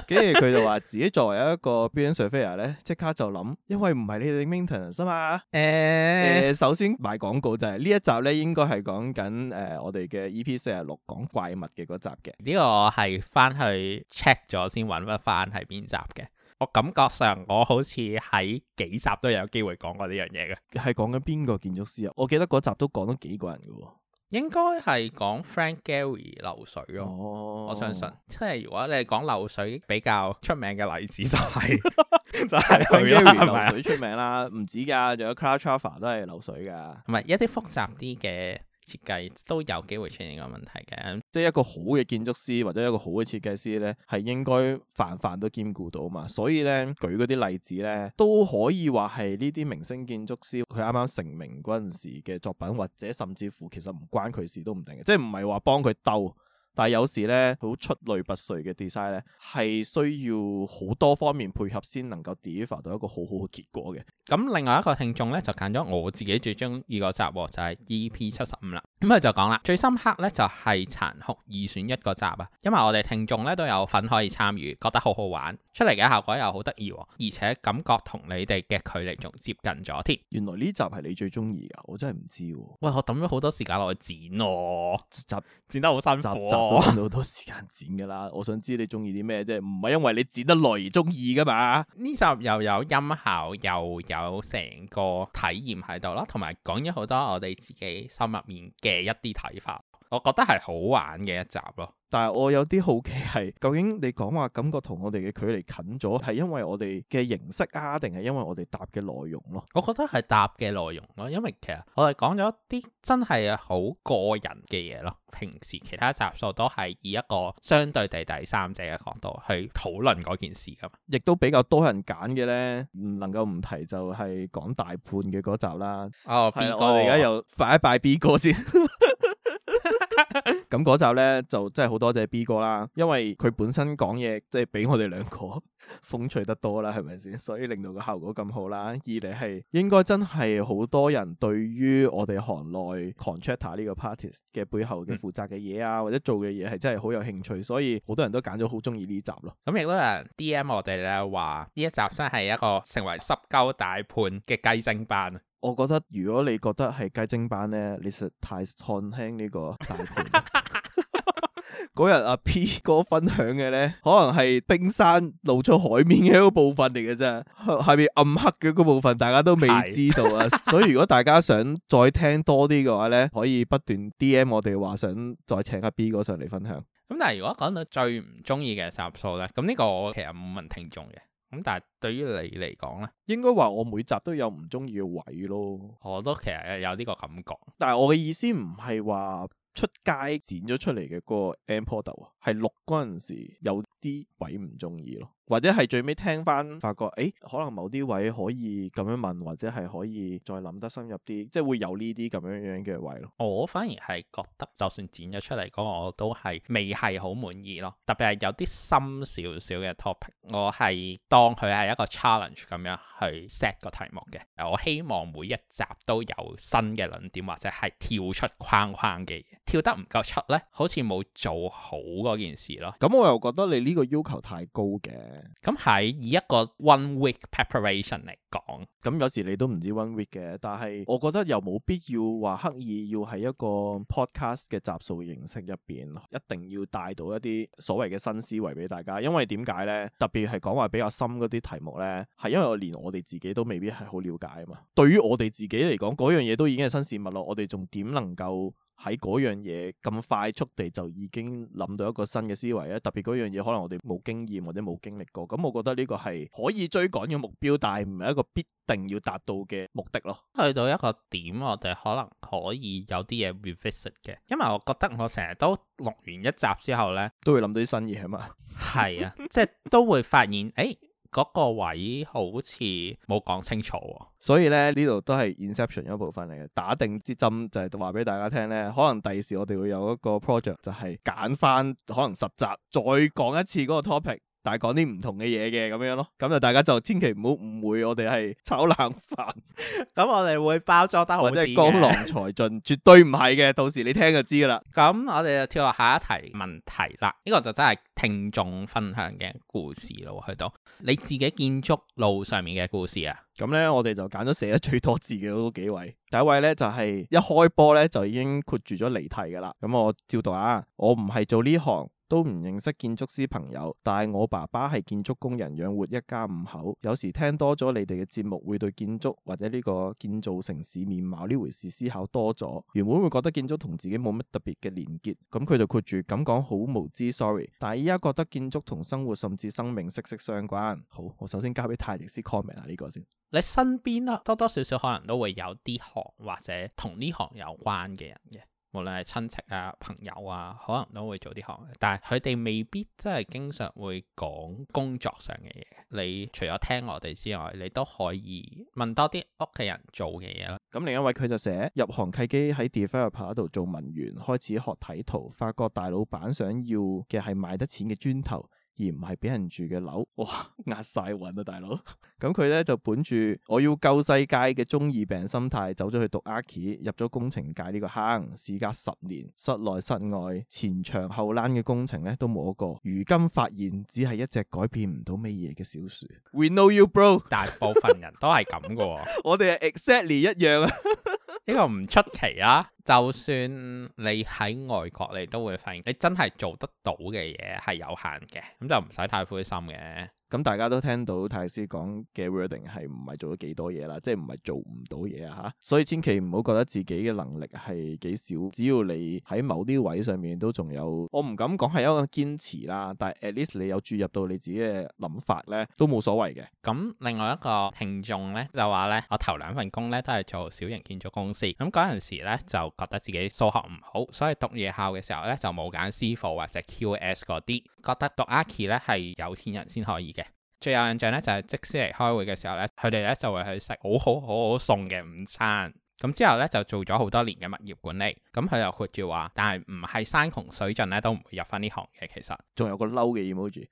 跟住佢就話自己作為一個 building surveyor 咧，即刻就諗，因為唔係你哋 maintenance 啊嘛。
誒誒，
首先賣廣告就係、是、呢一集咧，應該係講緊誒我哋嘅 EP 四十六講怪物嘅嗰集嘅。
呢個我係翻去 check 咗先揾得翻係邊集嘅。我感覺上我好似喺幾集都有機會講過呢樣嘢嘅，
係講緊邊個建築師啊？我記得嗰集都講咗幾個人嘅，
應該係講 Frank Gehry 流水咯、哦。哦、我相信，即係如果你係講流水比較出名嘅例子就係就係 Gehry 流水出名啦，唔 <laughs> 止噶，仲有 Calatrava 都係流水噶，唔係一啲複雜啲嘅。設計都有機會出現個問題嘅，即係
一個好嘅建築師或者一個好嘅設計師呢，係應該泛泛都兼顧到嘛。所以呢，舉嗰啲例子呢，都可以話係呢啲明星建築師佢啱啱成名嗰陣時嘅作品，或者甚至乎其實唔關佢事都唔定嘅，即係唔係話幫佢兜。但有時咧，好出類拔萃嘅 design 咧，係需要好多方面配合先能夠 deliver 到一個好好嘅結果嘅。
咁另外一個聽眾咧，就揀咗我自己最中意嗰集，就係 EP 七十五啦。咁佢就講啦，最深刻咧就係殘酷二選一嗰集啊，因為我哋聽眾咧都有份可以參與，覺得好好玩，出嚟嘅效果又好得意，而且感覺同你哋嘅距離仲接近咗添。原來呢集係你最中意㗎，我真係唔知。喂，我抌咗好多時間落去剪咯，剪得好辛苦。我好多，多，
多時間剪噶啦，我想知你中意
啲咩啫？唔係因為你剪得耐而中意噶嘛？呢集又有音效，又有成個體驗喺度啦，同埋講咗好多我哋自己心入面嘅一啲睇法，我覺得係好玩嘅一集咯。
但係我有啲好奇，係究竟你講話感覺同我哋嘅距離近咗，係因為我哋嘅形式啊，定係因為我哋答嘅
內容咯、啊？我覺得係答嘅內容咯、啊，因為其實我哋講咗啲真係好個人嘅嘢咯。平時其他集數都係以一個相對地第三者嘅角度去討論嗰件事噶、啊、
亦都比較多人揀嘅咧，唔能夠唔提就係講大判嘅嗰集啦。
哦，係我哋而家又
拜一拜 B 哥先。 <laughs> 咁嗰集呢，就真係好多謝 B 哥啦，因為佢本身講嘢即係比我哋兩個 <laughs> 風趣得多啦，係咪先？所以令到個效果咁好啦。二嚟係應該真係好多人對於我哋行內 contractor 呢個 parties 嘅背後嘅負責嘅嘢啊，嗯、或者做嘅嘢係真係好有興趣，所以好多人都揀咗好中意呢集咯。
咁亦都有人 DM 我哋咧話，呢一集真係一個成為濕鳩大判嘅雞精班！
我覺得如果你覺得係雞精版咧，你實太碳輕呢個大盤。嗰日阿 P 哥分享嘅咧，可能係冰山露出海面嘅一個部分嚟嘅啫，下邊暗黑嘅嗰部分大家都未知道啊。 <laughs> 所以如果大家想再聽多啲嘅話咧，可以不斷 D M 我哋話想再請阿 B 哥上嚟分享。
咁但係如果講到最唔鍾意嘅集數咧，咁呢個我其實冇問聽眾嘅。咁但係對於你嚟講咧，
應該話我每集都有唔中意嘅位
咯。我都其實有呢個感覺，
但係我嘅意思唔係話出街剪咗出嚟嘅嗰個 end product 啊，係錄嗰陣時有啲位唔中意咯。或者係最尾聽翻，發覺誒，可能某啲位可以咁樣問，或者係可以再諗得深入啲，即係會有呢啲咁樣樣嘅位咯。我反而
係覺得，就算剪咗出嚟嗰個我都係未係好滿意咯。特別係有啲深少少嘅 topic，我係當佢係一個 challenge 咁樣去 set 個題目嘅。我希望每一集都有新嘅論點，或者係跳出框框嘅嘢。跳得唔夠出咧，好似冇做好嗰件事咯。咁我又覺得你呢個要求太高嘅。咁喺、嗯、以一個 one week preparation 嚟講，
咁有時你都唔知 one week 嘅，但係我覺得又冇必要話刻意要喺一個 podcast 嘅集數形式入邊，一定要帶到一啲所謂嘅新思維俾大家。因為點解呢？特別係講話比較深嗰啲題目呢，係因為我連我哋自己都未必係好了解啊嘛。對於我哋自己嚟講，嗰樣嘢都已經係新事物咯，我哋仲點能夠？喺嗰樣嘢咁快速地就已經諗到一個新嘅思維咧，特別嗰樣嘢可能我哋冇經驗或者冇經歷過，咁、嗯、我覺得呢個係可以追趕嘅目標，但係唔係一個必定要達到嘅目的咯。
去到一個點，我哋可能可以有啲嘢 revisit 嘅，因為我覺得我成日都錄完一集之後呢，都會諗到啲新嘢啊嘛。係啊， <laughs> 即係都會發現，誒、哎。嗰個位好似冇講清楚啊，
所以咧呢度都係 inception 一部分嚟嘅，打定啲針就係話俾大家聽咧，可能第時我哋會有一個 project 就係揀翻可能十集再講一次嗰個 topic。但係講啲唔同嘅嘢嘅咁樣咯，咁就大家就千祈唔好誤會我哋係炒冷
飯，咁 <laughs> 我哋會包裝得好，即係江郎才盡，絕對唔係嘅，到時你聽就知㗎啦。咁我哋就跳落下一題問題啦，呢、這個就真係聽眾分享嘅故事咯，去到你自己建築路上面嘅故事啊。咁咧，我
哋就揀咗寫得最多字嘅嗰幾位，第一位咧就係、是、一開波咧就已經括住咗離題噶啦。咁我照讀啊，我唔係做呢行。都唔認識建築師朋友，但係我爸爸係建築工人養活一家五口。有時聽多咗你哋嘅節目，會對建築或者呢個建造城市面貌呢回事思考多咗。原本會覺得建築同自己冇乜特別嘅連結，咁佢就括住咁講好無知，sorry。但係依家覺得建築同生活甚至生命息息相關。好，我首先交俾泰迪斯 comment 下呢個先。
你身邊啊多多少少可能都會有啲行或者同呢行有關嘅人嘅。無論係親戚啊、朋友啊，可能都會做啲行業，但係佢哋未必真係經常會講工作上嘅嘢。你除咗聽我哋之外，你都可以問多啲屋企人做嘅嘢咯。
咁另一位佢就寫入行契機喺 developer 度做文員，開始學睇圖，發覺大老闆想要嘅係賣得錢嘅磚頭，而唔係俾人住嘅樓，哇、哦、壓晒暈啊大佬！咁 <laughs> 佢呢就本住我要救世界嘅中二病心態，走咗去讀 Archie，入咗工程界呢個坑。事隔十年，室內室外前牆後欄嘅工程呢都冇一個。如今發現，只係一隻改變唔到咩嘢嘅小薯。
We know you, bro。大部分人都係咁噶，我哋係 exactly 一樣啊。 <laughs> 呢、 <noise> 呢個唔出奇啦，啊，就算你喺外國，你都會發現你真係做得到嘅嘢係有限嘅，咁就唔使太灰心嘅。
咁大家都聽到泰師講嘅 reading 係唔係做咗幾多嘢啦？即係唔係做唔到嘢啊？嚇！所以千祈唔好覺得自己嘅能力係幾少，只要你喺某啲位上面都仲有，我唔敢講係一個堅持啦，但係 at least 你有注入到你自己嘅諗法咧，都冇所謂嘅。
咁另外一個聽眾咧就話咧，我頭兩份工咧都係做小型建築公司，咁陣時咧就覺得自己數學唔好，所以讀夜校嘅時候咧就冇揀師傅或者 QS 嗰啲，覺得讀 Archi 咧係有錢人先可以最有印象咧就係、是、即時嚟開會嘅時候咧，佢哋咧就會去食好好好好餸嘅午餐。咁之後咧就做咗好多年嘅物業管理。咁佢又括住話，但係唔係山窮水盡咧都唔會入返呢行嘅。其實
仲有個嬲嘅 emoji。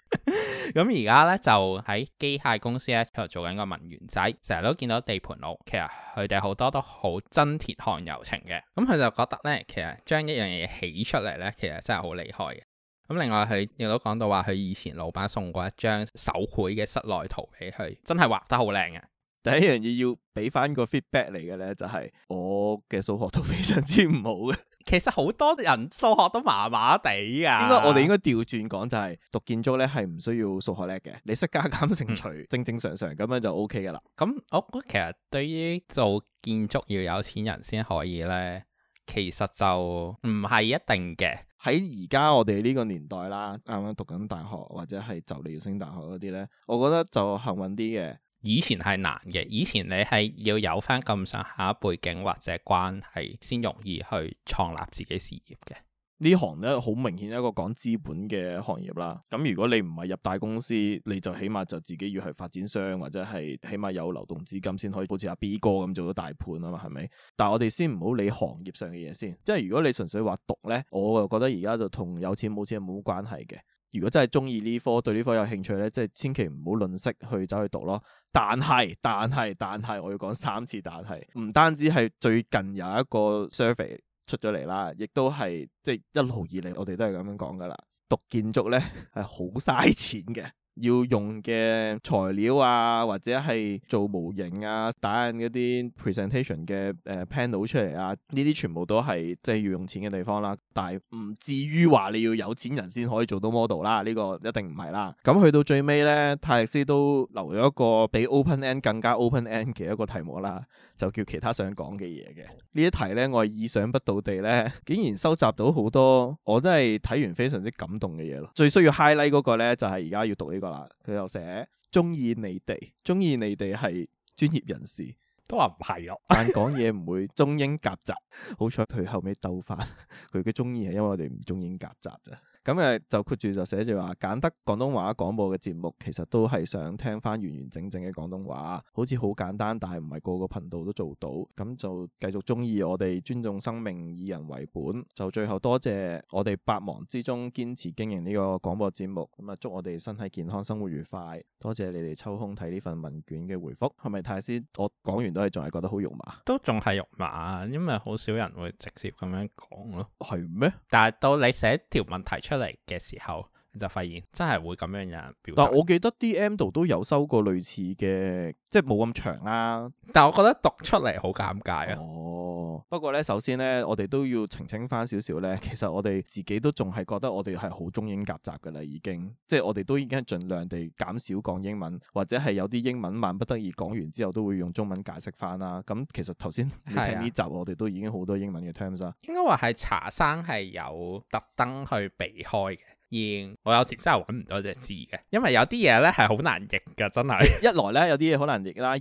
咁而家咧就喺機械公司咧，佢做緊個文員仔，成日都見到地盤佬。其實佢哋好多都好真鐵漢柔情嘅。咁佢就覺得咧，其實將一樣嘢起出嚟咧，其實真係好厲害嘅。咁另外佢亦都講到話，佢以前老闆送過一張手繪嘅室內圖俾佢，真係畫得好靚啊！
第一樣嘢要俾翻個 feedback 嚟嘅咧，就係、是、我嘅數學都非常之唔好嘅。 <laughs> 其實
好多人數學都麻麻地噶。應該我哋應該
調轉講就係、是，讀建築咧係唔需要數學叻嘅，你識加減乘除，嗯、正正常常咁樣就 O K 噶啦。咁
我覺得其實對於做建築要有錢人先可以咧。其實就唔係一定嘅，喺而家我哋呢個年代啦，啱啱讀緊大學或者係就你要升大學嗰啲咧，我覺得就幸運啲嘅。以前係難嘅，以前你係要有返咁上下背景或者關係先容易去創立自己事業嘅。
行呢行咧，好明顯一個講資本嘅行業啦，咁如果你唔係入大公司，你就起碼就自己要係發展商或者係起碼有流動資金先可以好似阿 B 哥咁做到大盤啊嘛，係咪？但係我哋先唔好理行業上嘅嘢先，即係如果你純粹話讀咧，我就覺得而家就同有錢冇錢係冇關係嘅。如果真係中意呢科對呢科有興趣咧，即係千祈唔好吝嗇去走去讀咯。但係但係但係我要講三次但係，唔單止係最近有一個 survey。出咗嚟啦，亦都係即係一路以嚟，我哋都係咁樣講噶啦。讀建築咧，係好嘥錢嘅。要用嘅材料啊，或者係做模型啊，打印一啲 presentation 嘅誒、呃、panel 出嚟啊，呢啲全部都係即係要用錢嘅地方啦。但係唔至於話你要有錢人先可以做到 model 啦，呢、這個一定唔係啦。咁去到最尾咧，泰力斯都留咗一個比 open end 更加 open end 嘅一個題目啦，就叫其他想講嘅嘢嘅。呢一題咧，我係意想不到地咧，竟然收集到好多我真係睇完非常之感動嘅嘢咯。最需要 highlight 嗰個咧，就係而家要讀呢、這個。佢又寫中意你哋，中意你哋係專業人士，
都、啊、 <laughs> 話唔係咯。
但講嘢唔會中英夾雜，好彩佢後尾斗返佢嘅中意係因為我哋唔中英夾雜咋。咁誒就括住就寫住話，揀得廣東話廣播嘅節目其實都係想聽返完完整整嘅廣東話，好似好簡單，但係唔係個個頻道都做到。咁就繼續鍾意我哋尊重生命，以人為本。就最後多謝我哋百忙之中堅持經營呢個廣播節目。咁啊，祝我哋身體健康，生活愉快。多謝你哋抽空睇呢份問卷嘅回覆。係咪太師？我講
完都係仲係覺得好肉麻，都仲係肉麻，因為好少人會直接咁樣講咯。係咩嗎？但係到你寫條問題出嚟嘅時候。就發現真係會咁樣人表，但我
記得 DM 度都有收過類似嘅，即係冇咁長啦、啊。但我覺得讀出嚟好尷尬啊。哦，不過咧，首先咧，我哋都要澄清翻少少咧。其實我哋自己都仲係覺得我哋係好中英夾雜嘅啦，已經即係我哋都已經係盡量地減少講英文，或者係有啲英文萬不得已講完之後都會用中文解釋翻啦。咁其實頭先睇呢集是、啊、我哋都已經好多英文嘅 terms 啦。
應該話係茶生係有特登去避開嘅。我有時真係搵唔到隻字嘅，因為有啲嘢咧係好難譯噶，真係。一
來咧有啲嘢好難譯啦，二來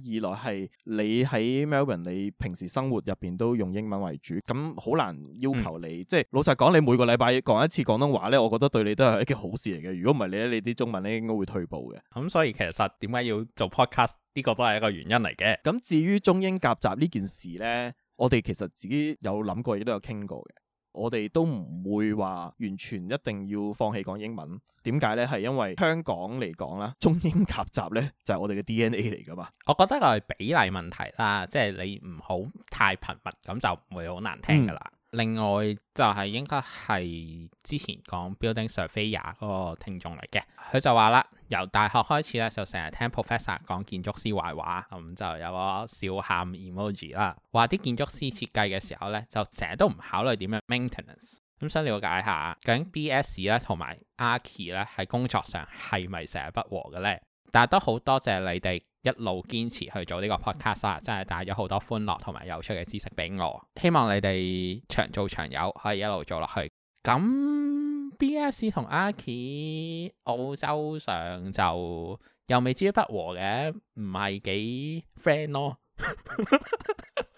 係你喺 Melbourne 你平時生活入邊都用英文為主，咁好難要求你。嗯、即係老實講，你每個禮拜講一次廣東話咧，我覺得對你都係一件好事嚟嘅。如果唔係，你呢，你啲中文咧應該會退步嘅。
咁所以其實點解要做 podcast 呢個都係一個原因嚟嘅。咁至於
中英夾雜呢件事咧，我哋其實自己有諗過亦都有傾過嘅。我哋都唔會話完全一定要放棄講英文，點解呢？係因為香港嚟講啦，中英夾雜呢，就係我哋嘅 DNA 嚟噶嘛。
我覺得係比例問題啦，即係你唔好太頻密，咁就唔會好難聽噶啦。嗯。另外就係應該係之前講 Building Surveyor 嗰個聽眾嚟嘅，佢就話啦，由大學開始咧就成日聽 professor 講建築師壞話，咁就有個笑喊 emoji 啦，話啲建築師設計嘅時候咧就成日都唔考慮點樣 maintenance，咁想了解下究竟 BS 咧同埋 Archie 咧喺工作上係咪成日不和嘅咧？但係都好多謝你哋。一路堅持去做呢個 podcast 啊，真係帶咗好多歡樂同埋有趣嘅知識俾我。希望你哋長做長有，可以一路做落去。咁 BS 同阿 K 澳洲上就又未至於不和嘅，唔係幾 friend 咯、啊。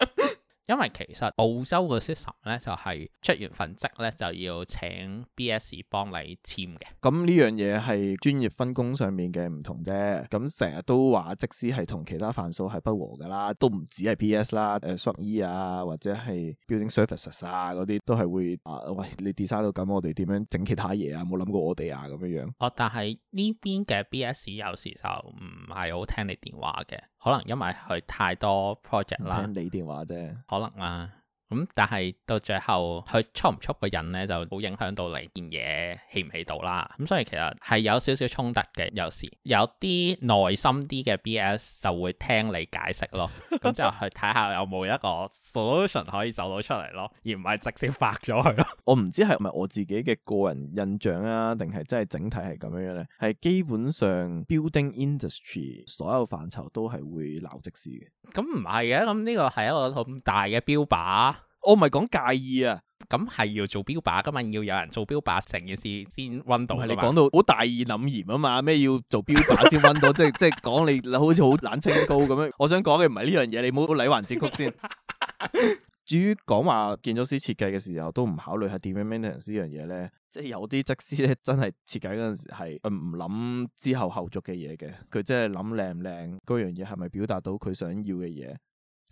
<laughs> <laughs> 因為其實澳洲嘅 system 咧就係、是、出完份職咧就要請 B.S 幫你簽嘅。
咁呢樣嘢係專業分工上面嘅唔同啫。咁成日都話則師係同其他範疇係不和噶啦，都唔止係 P.S 啦，誒、呃、ShrE 啊或者係 Building Services 啊嗰啲都係會、呃、喂啊，喂你 design 到咁，我哋點樣整其他嘢啊？冇諗過我哋啊咁樣樣。
哦，但係呢邊嘅 B.S 有時就唔係好聽你電話嘅。可能因為佢太多 project 啦，唔聽你電話啫可能啊。咁、嗯、但係到最後，佢出唔出個人咧，就好影響到你件嘢起唔起到啦。咁所以其實係有少少衝突嘅。有時有啲耐心啲嘅 B.S. 就會聽你解釋咯，咁、嗯、就去睇下有冇一個 solution 可以走到出嚟咯，而唔係直接發咗佢咯。
我唔知係咪我自己嘅個人印象啊，定係真係整體係咁樣咧？係基本上 building industry 所有範疇都係會鬧即時
嘅。咁唔係嘅，咁呢個係一個咁大嘅標靶。我唔係講介意啊，咁係要做標靶噶嘛，要有人做標靶，成件事先溫到。係你講到好大意諗嚴啊嘛，咩
要做標靶先溫到，即係即係講你好似好冷清高咁樣。 <laughs> 我想講嘅唔係呢樣嘢，你唔好禮還折曲先。 <laughs> 至於講話建築師設計嘅時候都唔考慮係點樣 maintain 呢樣嘢咧，即係有啲則師咧真係設計嗰陣時係唔諗之後後續嘅嘢嘅，佢即係諗靚唔靚，嗰樣嘢係咪表達到佢想要嘅嘢。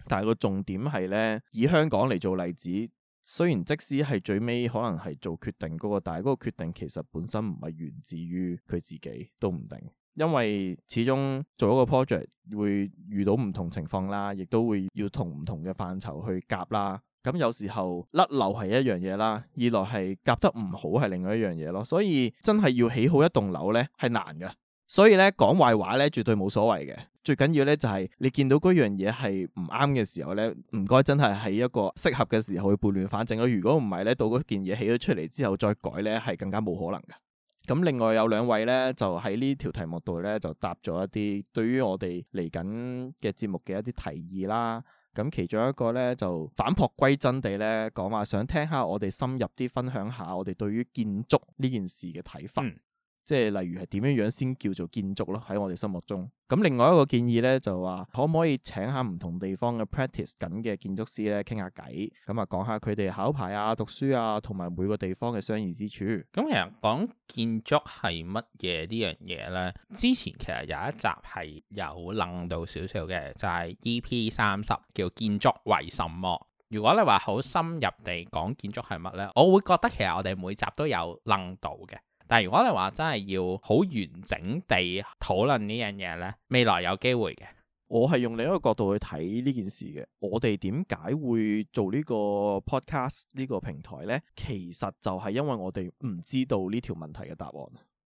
但係個重點係咧，以香港嚟做例子，雖然即使係最尾可能係做決定嗰個，但係嗰個決定其實本身唔係源自於佢自己都唔定，因為始終做一個 project 會遇到唔同情況啦，亦都會要同唔同嘅範疇去夾啦。咁有時候甩流係一樣嘢啦，二來係夾得唔好係另外一樣嘢咯。所以真係要起好一棟樓咧，係難嘅。所以咧，講壞話咧，絕對冇所謂嘅。最緊要咧，就係你見到嗰樣嘢係唔啱嘅時候咧，唔該，真係喺一個適合嘅時候去撥亂反正咯。如果唔係咧，到嗰件嘢起咗出嚟之後再改咧，係更加冇可能㗎。咁另外有兩位咧，就喺呢條題目度咧，就答咗一啲對於我哋嚟緊嘅節目嘅一啲提議啦。咁其中一個咧，就反璞歸真地咧，講話想聽下我哋深入啲分享下我哋對於建築呢件事嘅睇法。嗯即係例如係點樣樣先叫做建築咯，喺我哋心目中。咁另外一個建議咧，就話可唔可以請下唔同地方嘅 practice 緊嘅建築師咧，傾下偈，咁啊講下佢哋考牌啊、讀書啊，同埋
每個地方嘅相似之處。咁其實講建築係乜嘢呢樣嘢咧？之前其實有一集係有諗到少少嘅，就係 EP 三十叫建築為什麼。如果你話好深入地講建築係乜咧，我會覺得其實我哋每集都有諗到嘅。但如果你話真係要好完整地討論呢樣嘢咧，未來有機會嘅。
我係用另一個角度去睇呢件事嘅。我哋點解會做呢個 podcast 呢個平台呢，其實就係因為我哋唔知道呢條問題嘅答案，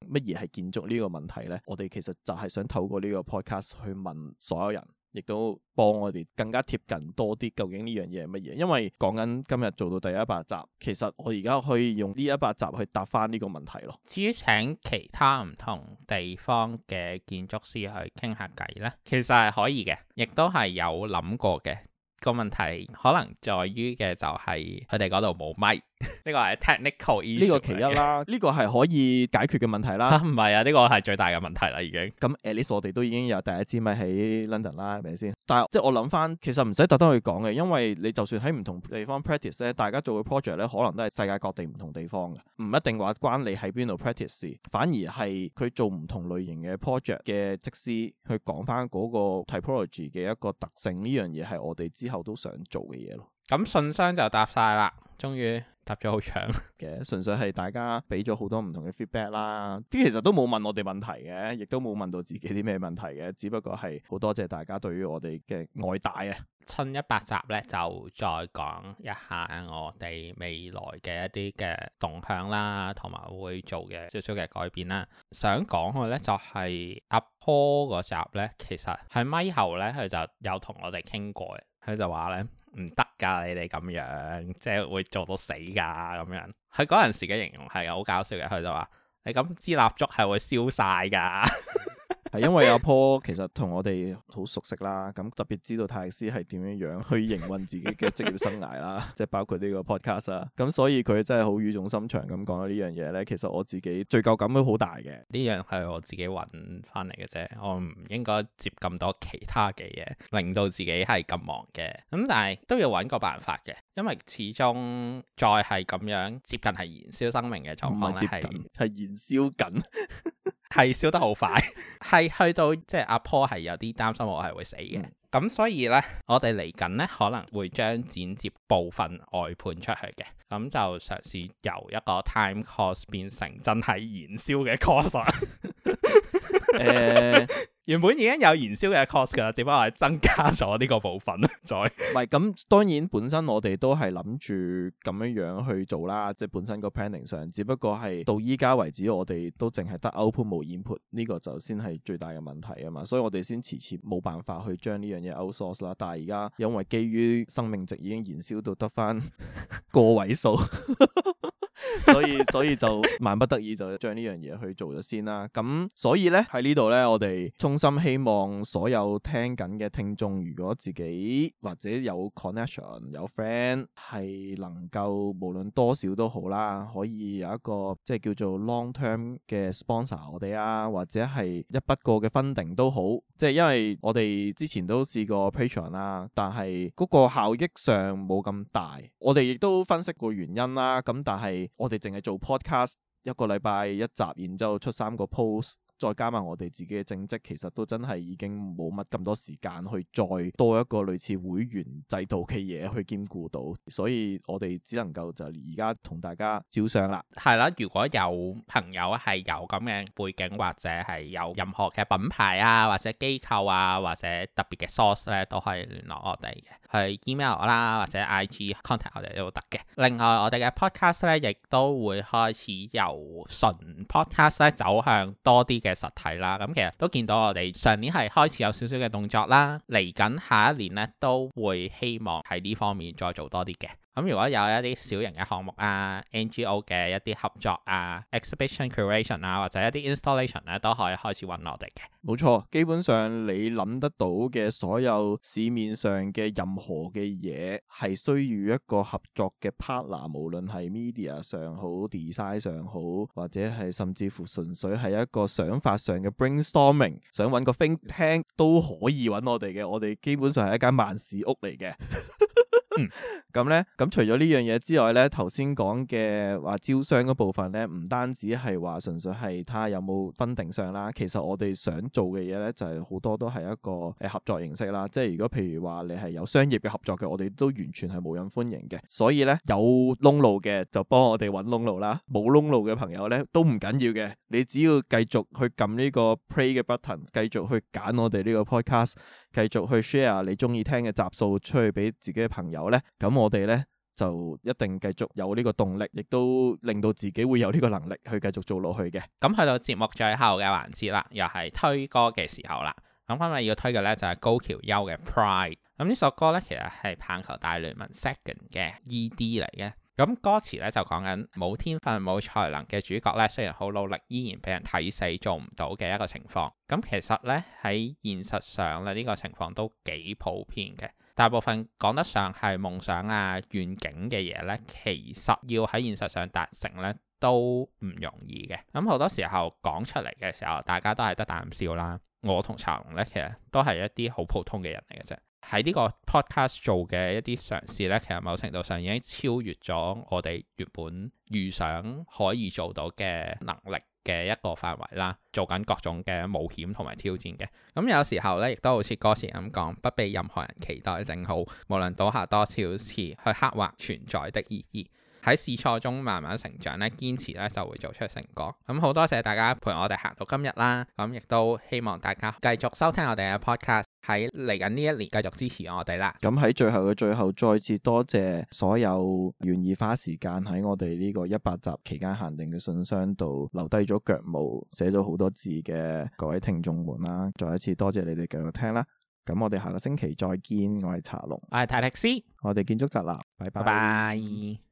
乜嘢係建築呢個問題呢？我哋其實就係想透過呢個 podcast 去問所有人。亦都幫我哋更加貼近多啲，究竟呢樣嘢係乜嘢？因為講緊今日做到第一百集，其實我而家可以用呢一百集去答翻呢個問題咯。
至於請其他唔同地方嘅建築師去傾下偈呢，其實係可以嘅，亦都係有諗過嘅。個問題可能在於嘅就係佢哋嗰度冇咪。呢個係 technical issue 呢個其一啦，
呢 <laughs> 個係可以解決嘅問題啦。唔係啊，呢、啊這個係最大嘅問題啦、嗯，已經。咁，At least 我哋都已經有第一支咪喺 London 啦，係咪先？但係即係我諗翻，其實唔使特登去講嘅，因為你就算喺唔同地方 practice 咧，大家做嘅 project 咧，可能都係世界各地唔同地方嘅，唔一定話關你喺邊度 practice。反而係佢做唔同類型嘅 project 嘅，即使去講翻嗰個 typology 嘅一個特性呢樣嘢，係我哋之後都想做嘅嘢咯。
咁信箱就答晒啦，終於。答咗好長
嘅，純粹係大家俾咗好多唔同嘅 feedback 啦，啲其實都冇問我哋問題嘅，亦都冇問到自己啲咩問題嘅，只不過係好多謝大家對於我哋嘅愛戴啊。
趁一百集咧就再講一下我哋未來嘅一啲嘅動向啦，同埋會做嘅少少嘅改變啦。想講嘅咧就係阿 Paul 嗰集咧，其實喺咪後咧佢就有同我哋傾過嘅，佢就話咧。唔得噶，你哋咁樣，即係會做到死噶咁樣。佢嗰陣時嘅形容係好搞笑嘅，佢就話：你咁支蠟燭係會燒晒㗎。 <laughs>
係 <laughs> 因為阿 Paul 其實同我哋好熟悉啦，咁特別知道泰斯係點樣樣去營運自己嘅職業生涯啦， <laughs> 即係包括呢個 podcast 啦，咁所以佢真係好語重心長咁講咗呢樣嘢呢。其實我自己罪疚感都好大嘅。
呢樣係我自己揾翻嚟嘅啫，我唔應該接咁多其他嘅嘢，令到自己係咁忙嘅。咁但係都要揾個辦法嘅，因為始終再係咁樣接近係燃燒生命嘅狀況咧，係係是燃燒緊。 <laughs> 係燒得好快， <laughs> 係去到即係阿 Paul 係有啲擔心我係會死嘅，咁、嗯、所以呢，我哋嚟緊呢可能會將剪接部分外判出去嘅，咁就嘗試由一個 time cost 變成真係燃燒嘅 cost。原本已經有燃燒嘅 cost 噶啦，只不過係增加咗呢個部分。
再唔係咁，當然本身我哋都係諗住咁樣樣去做啦，即係本身個 planning 上，只不過係到依家為止，我哋都淨係得 output 冇 input 呢個就先係最大嘅問題啊嘛，所以我哋先遲遲冇辦法去將呢樣嘢 outsource 啦。但係而家因為基於生命值已經燃燒到得翻個位數， <laughs> 所以所以就萬不得已就將呢樣嘢去做咗先啦。咁所以咧喺呢度咧，我哋衷心希望所有聽緊嘅聽眾，如果自己或者有 connection、有 friend 係能夠無論多少都好啦，可以有一個即係叫做 long-term 嘅 sponsor 我哋啊，或者係一筆過嘅 funding 都好。即係因為我哋之前都試過 Patreon 啦，但係嗰個效益上冇咁大。我哋亦都分析過原因啦。咁但係我哋淨係做 podcast 一個禮拜一集，然之後出三個 post。再加埋我哋自己嘅正職，其實都真係已經冇乜咁多時間去再多一個類似會員制度嘅嘢去兼顧到，所以我哋只能夠就而家同大家招商啦。
係啦，如果有朋友係有咁嘅背景，或者係有任何嘅品牌啊，或者機構啊，或者特別嘅 source 咧，都可以聯絡我哋嘅，去 email 我啦，或者 IG contact 我哋都得嘅。另外，我哋嘅 podcast 咧，亦都會開始由純 podcast 咧走向多啲嘅。實體啦，咁其實都見到我哋上年係開始有少少嘅動作啦，嚟緊下一年咧都會希望喺呢方面再做多啲嘅。咁如果有一啲小型嘅項目啊，NGO 嘅一啲合作啊，exhibition curation 啊，或者一啲 installation 咧，都可以開始揾我哋嘅。
冇錯，基本上你諗得到嘅所有市面上嘅任何嘅嘢，係需要一個合作嘅 partner，無論係 media 上好，design 上好，或者係甚至乎純粹係一個想法上嘅 brainstorming，想揾個 think tank 都可以揾我哋嘅。我哋基本上係一間萬事屋嚟嘅。 <laughs> 咁咧，咁、嗯、 <laughs> 除咗呢樣嘢之外咧，頭先講嘅話招商嗰部分咧，唔單止係話純粹係睇下有冇分定上啦，其實我哋想做嘅嘢咧，就係、是、好多都係一個誒合作形式啦。即係如果譬如話你係有商業嘅合作嘅，我哋都完全係冇人歡迎嘅。所以咧，有窿路嘅就幫我哋搵窿路啦，冇窿路嘅朋友咧都唔緊要嘅，你只要繼續去撳呢個 play 嘅 button，繼續去揀我哋呢個 podcast。繼續去 share 你中意聽嘅集數出去俾自己嘅朋友咧，咁我哋咧就一定繼續有呢個動力，亦都令到自己會有呢個能力去繼續做落去嘅。
咁去、嗯、到節目最後嘅環節啦，又係推歌嘅時候啦。咁今日要推嘅咧就係、是、高橋優嘅 Pride。咁、嗯、呢首歌咧其實係棒球大聯盟 Second 嘅 ED 嚟嘅。咁歌詞咧就講緊冇天分、冇才能嘅主角咧，雖然好努力，依然俾人睇死，做唔到嘅一個情況。咁其實咧喺現實上咧，呢個情況都幾普遍嘅。大部分講得上係夢想啊、願景嘅嘢咧，其實要喺現實上達成咧都唔容易嘅。咁好多時候講出嚟嘅時候，大家都係得啖笑啦。我同茶龍咧，其實都係一啲好普通嘅人嚟嘅啫。喺呢個 podcast 做嘅一啲嘗試呢，其實某程度上已經超越咗我哋原本預想可以做到嘅能力嘅一個範圍啦。做緊各種嘅冒險同埋挑戰嘅，咁有時候呢，亦都好似歌詞咁講，不被任何人期待，正好無論倒下多少次，去刻畫存在的意義。喺試錯中慢慢成長咧，堅持咧就會做出成果。咁好多謝大家陪我哋行到今日啦，咁亦都希望大家繼續收聽我哋嘅 Podcast，喺嚟緊呢一年繼續支持我哋啦。咁
喺最後嘅最後，再次多謝所有願意花時間喺我哋呢個一百集期間限定嘅信箱度留低咗腳毛，寫咗好多字嘅各位聽眾們啦，再一次多謝你哋繼續聽啦。咁我哋下個星期再見，我係茶龍，
我係泰迪斯，
我哋建築宅男，拜拜。
Bye bye.